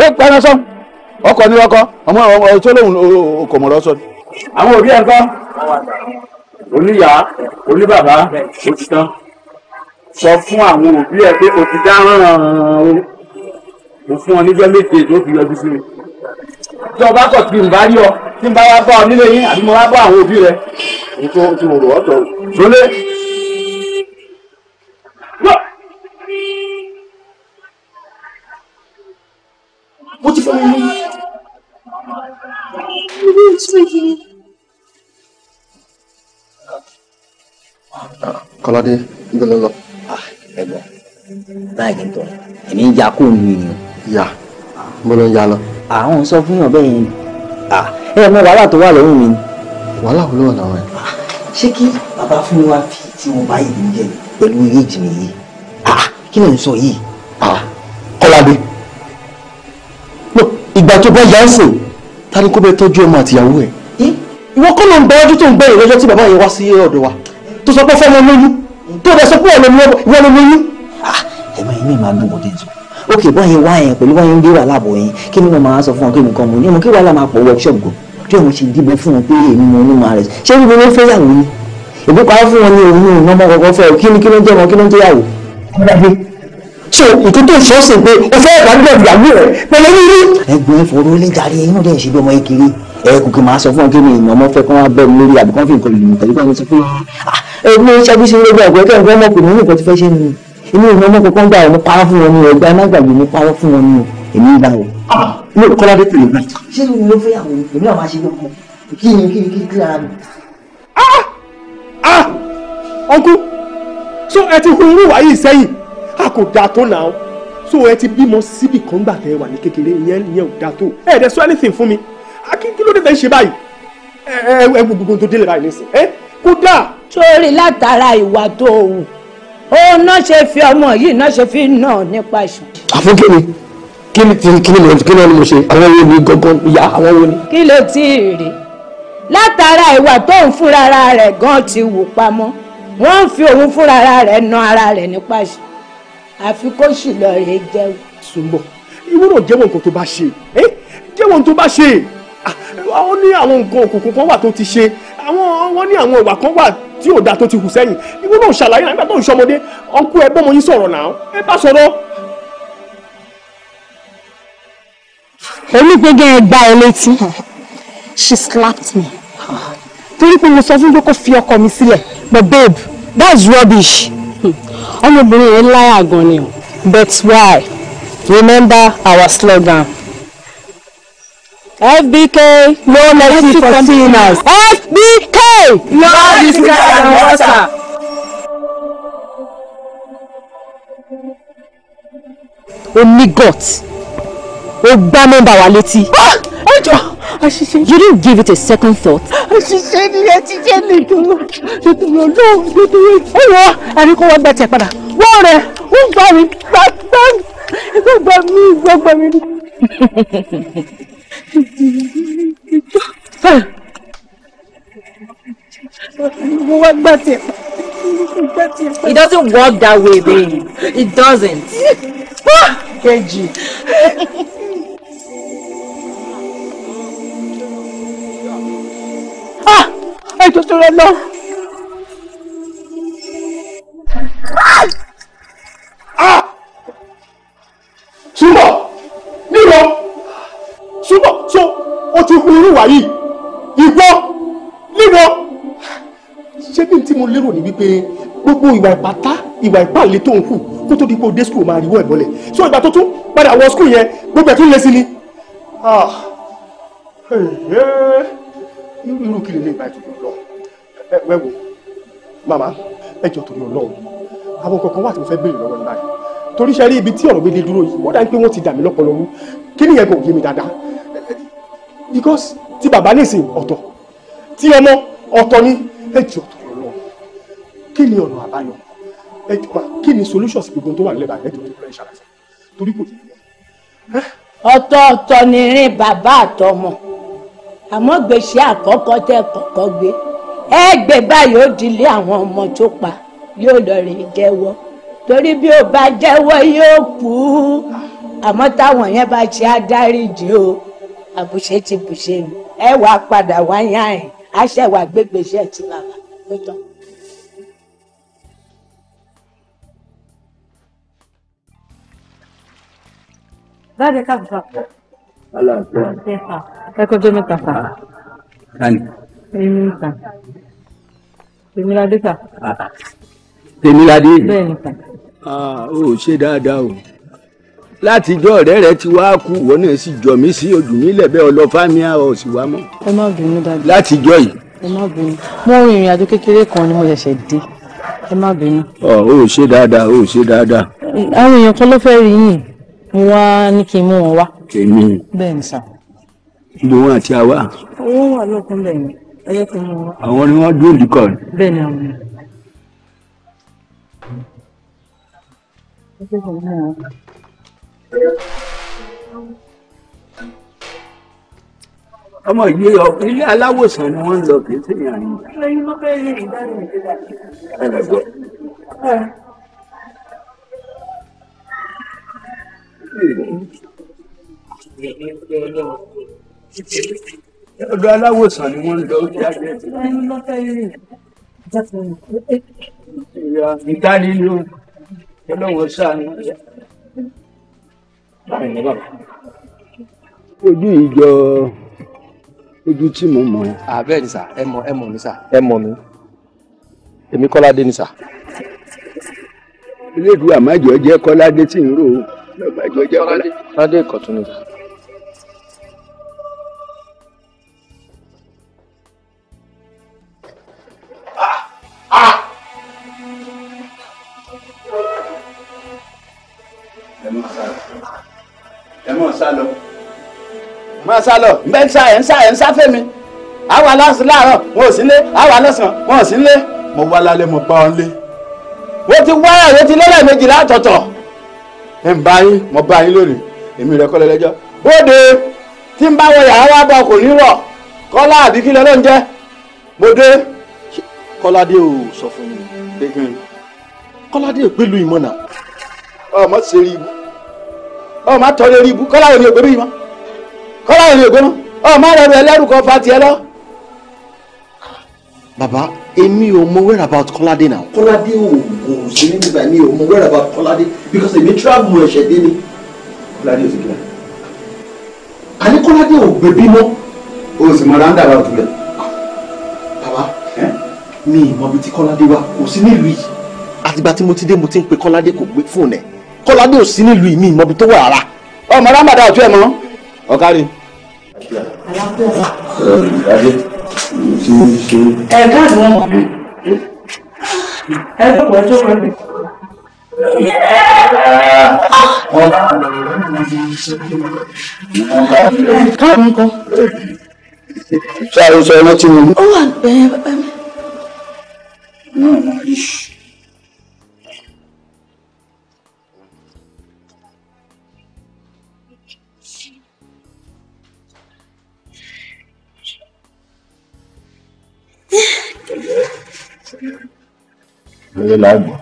ó pẹ́ẹ́rẹ́ sọ ọkọ̀ ní ọkọ̀ ọmọ ọ̀tí olóhùn kò mọ̀ àwọn òbí ẹ̀ kọ́ oníyá oníbàbá ó ti tán sọ fún àwọn òbí ẹ pé o ti dáràn o mo fún ọ níjọ́ méje tó fi yọjú sí mi tí ọba kọ̀ tí n bá rí ọ tí n bá wá bá ọ nílé yín àbí mo wá bá àwọn òbí rẹ ètò tí mo rò ọ tọ sólé. mo ti fẹ́ mi. Kọ́ládé ibi ló lọ. Ah, ẹ̀gbọ́n báyìí kì í tọ èmi ń ya kó nu èèyàn. ya mo ló ń ya lọ. àwọn sọ fún yàn bẹ́ẹ̀ yẹn ah, ẹ mọ wàhálà tó wà lọ́rùn mi. wàhálà wo ló wà lọ́rùn ẹ. Ah, ṣé kí bàbá fún wa fi tí wọn bá yìí jẹ pẹ̀lú èjì mi yìí kí ló ń sọ yìí. Kọ́ládé ìgbà tó bá yà ń sìn ta kó bẹ tọ́jú ọmọ àtìyàwó ẹ̀. ìwọ kọ́ ló ń bẹ ọdún tó ń bẹ̀rẹ̀ lọ́jọ́ tí bàbá yẹn wá sí ọ̀dọ̀ wa tó sọ pé fẹ́ lọ lóyún tó dẹ̀ sọ pé wọ́n lọ lóyún. Ah, ẹ̀mọ yìí mi máa dùn wọ́n dẹ́ntì ok báyìí wá yẹn pẹ̀lú báyìí ń gbé wàhálà bọ̀ yẹn kí nínú máa sọ fún wọn kí nìkan mú ní ọmọ kí wàhálà máa pọ̀ workshop gò kí ọmọ ṣe dìbò fún wọn pé èmi mo ní máa rẹ̀ ṣé ibi ló fẹ́ yàwó ni èmi parọ́ fún wọn ní òun ní ìnáwó kọ̀ọ̀kan fẹ́ kí ni kí ló ń jẹ́ ọmọ kí ló ń jẹ́ yàwó so ìtú tó sọ sí pé o fẹ́ ìbàdàn ìyàwó rẹ pẹ̀lú rírí. ẹ̀gbọ́n ìfòró lè jáde inú dẹ̀ ṣe bí ọmọ yìí kiri ẹ kò kì máa sọ fún ọ kí ni ìmọ̀ ọmọ fẹ́ kí wọ́n bẹ̀ mí lórí àbí kọ́ńfì nǹkan lè mú tẹ̀lé pẹ̀lú sọ pé ẹgbẹ́ ṣáájú sí ilé gbàgbọ́ ẹgbẹ́ ẹgbẹ́ ọmọkùnrin nínú tí fẹ́ ṣe ni inú ìlú ọmọ kankan gbà wọn parọ́ fún wọn ni ọgbà ẹ má parọ́ fún wọn ni èmi ń wọn. ní kọ́ládé tèlè náà. ṣé ìlú ló fẹ́ àwọn èmi àwọn aṣèlú kí ni kí ni kí kí ara mi. ọkú so ẹ ti hun irú wáyé sẹ́yìn a kò dáa tó nà so ẹ ti bímọ síbì kan gbà tẹ wà ní kékeré ìyẹn ò dáa tó ẹ dẹ sọ anything fún mi kí ló dé fẹ́ ṣe báyìí ẹ ẹ gbogbo tó délé báyìí nísìnyí ẹ kó dáa sórí látara ìwà tó wù ó ná ṣe fi ọmọ yìí ná ṣe fi nà nípa ìṣù. àfún kí ni kí ni kí ni kí ni mo ṣe àwọn wo ni gangan ìyá àwọn wo ni. kí ló ti rí látara ìwà tó ń fúnra rẹ̀ gan ti wù pamọ́ wọ́n ń fi òun fúnra rẹ̀ na ara rẹ̀ nípa ìṣù àfi kó sì lọ rè jẹun. sùnbọ̀ ìwúrò jẹ́wọ̀n nǹkan tó bá ṣe jẹ́wọ̀n tó bá ṣe ó ní àwọn nǹkan òkùnkùn kan wà tó ti ṣe àwọn wọ́n ní àwọn ìwà kan wà tí ò da tó ti hù sẹ́yìn ìwọ náà ṣàlàyé nígbà tó ń ṣọmọdé ọkú ẹ bọ́mọ yín sọ̀rọ̀ náà ẹ bá sọ̀rọ̀. onígbẹ́gẹ́ ẹ gbá ẹ létí she slapped me torí pé mo sọ fún pé kó fi ọkọ mi sílẹ̀ but babe that's rubbish ọmọbìnrin yẹn láyà gan ni but why remember our slogan. FBK, no mercy for sinners. FBK, Lord is and water. O ní guts. O gbá mẹ́mbà wa létí. Ah! Ẹ jọ, àṣìṣe. You didn't give it a second thought. Àṣìṣe ni ẹ ti jẹ́ No, no, no, no. nítorí. Ó wọ ẹni kó wọ́n gbẹ̀tẹ̀ padà. Wọ́n rẹ̀ ń gbà mí gbàgbà gbàgbà mí gbàgbà mí mo wá gbà tiẹ̀ pa. It doesn't work that way, babe. It doesn't. KG Ah! Ẹ tó tó rẹ wà yìí ìgbọ́ lílọ ṣé bí n tí mo lérò ní wípé gbogbo ìwà ìpátá ìwà ìpàlẹ̀ tó ń hù kó tó di pé o dé skul máa ríwọ́ ẹ̀ bọ́lẹ̀ so ìgbà tó tún padà wọ skul yẹn gbogbo ẹ̀ tún lé sí ni ah. irú kí lè lè bá ìtòkè lọ wẹ́wò màmá ẹ jọ̀ọ́ torí Ọlọ́run àwọn kankan wà tí mo fẹ́ béèrè lọ́wọ́ nígbà yìí torí ṣe rí ibi tí ọ̀rọ̀ mi lè dúró yìí wọ́n dá pé wọ́n ti dà mí lọ́pọ̀lọ́run kí nìyẹn kò yé mi dáadáa because tí bàbá ní ìsìn ọ̀tọ̀ tí ọmọ ọ̀tọ̀ ní ẹ̀jì ọ̀tọ̀ lọ́wọ́ kí ni ọ̀nà àbáyọ ẹ̀jọba kí ni solutions gbogbo tó wà nílẹ̀ bàbá ẹ̀jọ̀ tó lọ́ọ́ ìṣàlàyé torí kò yẹ. ọ̀tọ̀ọ̀tọ̀ ni rin bàbá àtọmọ àmọ́ gbèsè àkọ́kọ́ tẹ́ kọ́kọ́ gbé ẹ gbé báyìí ó dilé àwọn ọmọ tó pa yóò lọ rìn jẹ́wọ́ torí bí ó bá jẹ́wọ́ yóò kú àmọ́ táwọn yẹn bá ṣe á dáríjì o àbùṣe ti bùṣe mi ẹ wàá padà wáyà ẹ̀ aṣẹ́wà gbégbèṣẹ́ ti bàbá ló tán. Dáre ká gbà. Aláàbẹ̀. Ẹ̀kọ́ jẹ́ mẹ́ta fà. Kani. Ah, Èmi ta. Tèmíládé ta. Tèmíládé. Ah, Bẹ́ẹ̀ni ta. Ó ah, ṣe dáadáa o látijọ́ ọ̀rẹ́ rẹ ti wá kú ìwọ náà sì jọ mí sí ojú mi lẹ́bẹ̀ẹ́ ọlọ́fàmíà ò sì wá mọ́. ẹ má bínú dájú. látijọ́ yìí. ẹ má bínú mo rin ìrìn àjò kékeré kan ni mo ṣẹ̀ṣẹ̀ dé ẹ má bínú. ọ ò ṣe dáadáa ò ṣe dáadáa. àwọn èèyàn kan ló fẹ́ rí yìí mo wá ní kí n mú wọn wá. èmi bẹ́ẹ̀ ni sà. ibo wọn àti àwa. owó wà lókun bẹ́ẹ̀ ni kí n mú wọn. àwọn ni wọ́n dúró dìkọ̀. bẹ́ẹ̀ ni àwọn. Thank ọmọ ìlú ilé aláwòsàn ni wọ́n ń lọ kì í sì yàn yín. ọ̀dọ̀ aláwòsàn ni wọ́n lọ kí á jẹ́ ìdánilóhùn ọlọ́run ojú ìjọ ojú tí mo mọ̀ ẹ́. àbẹ́ẹ̀ ah, ni sà ẹ mọ̀ ẹ mọ̀ mi sà. ẹ mọ̀ mi èmi kọ́ládé ni sà. elédùn àmájọ jẹ́ kọ́ládé tí ń rò ó lọ́gbàjọ jẹ́ kọ́ládé. kọ́ládé ni sà. mọ̀ sá lọ. mọ̀ sá lọ bẹ́ẹ̀ sá ẹ̀ ń sá ẹ̀ ń sá fẹ́mi àwa lásán láàárọ̀ wọn ò sí lé àwa lọ́sàn wọn ò sí lé. mo wá lálẹ́ mo bá ọ́n lé. wọ́n ti wá ẹ̀rọ ti lọ́lẹ̀ méjìlá àtọ̀tọ̀. ẹ̀ ń bá yín mo bá yín lónìí èmi rẹ̀ kọ́lẹ̀ lẹ́jọ́. bóde tí ń bá wọ yàrá wa bọ̀ kò ní rọ̀ kọ́lá àbí kí lọ́lọ́ ń jẹ́. mo dé kọ́ládé ò sọ fún mi pé kí n kọ́ládé ò pẹ̀lú ìmọ̀nà. ọmọ ṣe rí ibú ọ má tọrọ eré ibú kọ́lá òní ògbé bí mọ́ kọ́lá òní ògbé mọ́ ọ má rẹ̀ rẹ̀ lẹ́rù kan fa tiẹ̀ lọ. bàbá èmi ò mọ where about kọ́ládé náà. kọ́ládé ò kò sí ní bíbá mi ò mọ where about kọ́ládé because èmi travel ẹ̀ṣẹ̀ dé ni kọ́ládé ò sì kíra. àní kọ́ládé ò gbé bí mọ́ o sì mọ ráńdà bá òtún rẹ̀. bàbá mi ì mọ ibi tí kọ́ládé wà kò sí nílùú yìí. àtìgbà tí mo ti dé mo ti ń pe kọ́ládé kò gbé fóònù ẹ̀ kọ́ládé ò sí nílùú mi ìmọ̀bi tó wà rárá ọmọ rámàdà ọ̀tún ẹ̀ mọ́ ọ̀kárí. ẹ káàdùn ọmọ mi ẹ dọ̀pọ̀ ẹjọ́ pẹ̀lú. káàdùn kan. ṣé àrùn sọ ẹ rántí mi. ó wà bẹ́ẹ̀ bàbá mi. lórí làgbọ̀.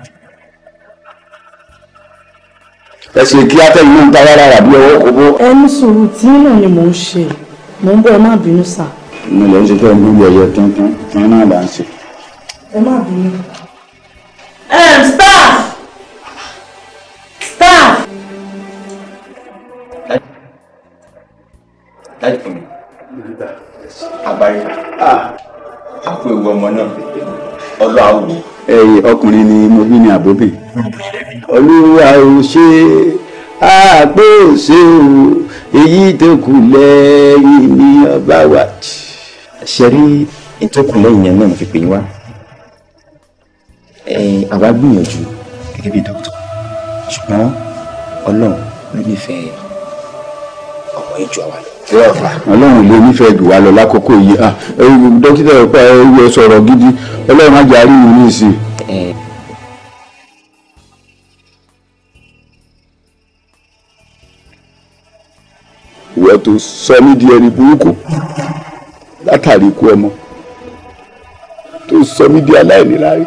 ẹ ṣe kí atẹ́yìn náà ń ta rárá àbí ọwọ́ kókó. ẹ ní sùúrù tí náà ni mò ń ṣe mò ń bọ̀ ẹ má bínú sà. mo lè ń ṣe fẹ́ gbogbo ẹ̀yẹ tuntun tí náà là ń ṣe. ẹ má bínú. staff staff. dájú fún mi. àgbáyé àpò ìwé ọmọ náà ọba àwò. ẹyẹ ọkùnrin ni mo bí ní àbóbì olúwa ò ṣe àpò òṣè o èyí tó kù lẹ́yìn ní ọba wa. ṣe rí ìtòkùnlẹ́yìn yẹn náà fi pè wá àwa gbìyànjú gẹ́gẹ́ bí dókítà ṣùgbọ́n ọlọ́run ló nífẹ̀ẹ́ ọmọ ìjọ wa lọ ọlọ́run ilé onífẹ̀ẹ́ jù wá lọ lákòókò yìí ah, dókítà ọ̀pá ẹ̀rọ sọ̀rọ̀ gidi ọlọ́run má jẹ́ àríyìn ní ìsìn. ìwọ tó sọ mí di ẹni burúkú látàrí ikú ọmọ tó sọ mí di aláìní lárí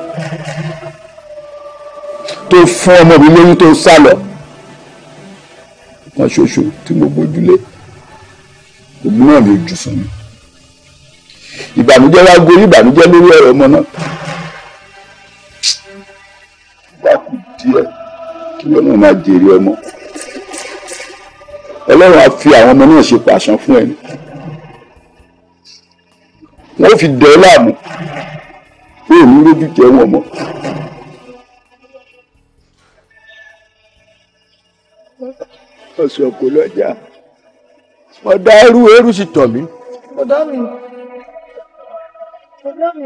tó fún ọmọ mi lóyún tó sá lọ wọn ṣoṣo tí mo gbójúlé òun náà lè jù fún mi ìbànújẹ́ wá gorí ìbànújẹ́ lórí ọ̀rọ̀ ọmọ náà wá kù díẹ̀ kí wọn náà máa jèrè ọmọ ọlọ́run á fi àwọn ọmọ náà ṣe pàṣán fún ẹni wọ́n fi dẹ́ láàmú pé èmi lójú jẹ́ wọn mọ́. ọ̀sùn kò lọ́jà mo dá ẹrú ẹrú sì tọ̀ mí. ọ̀dọ́ mi ọ̀dọ́ mi.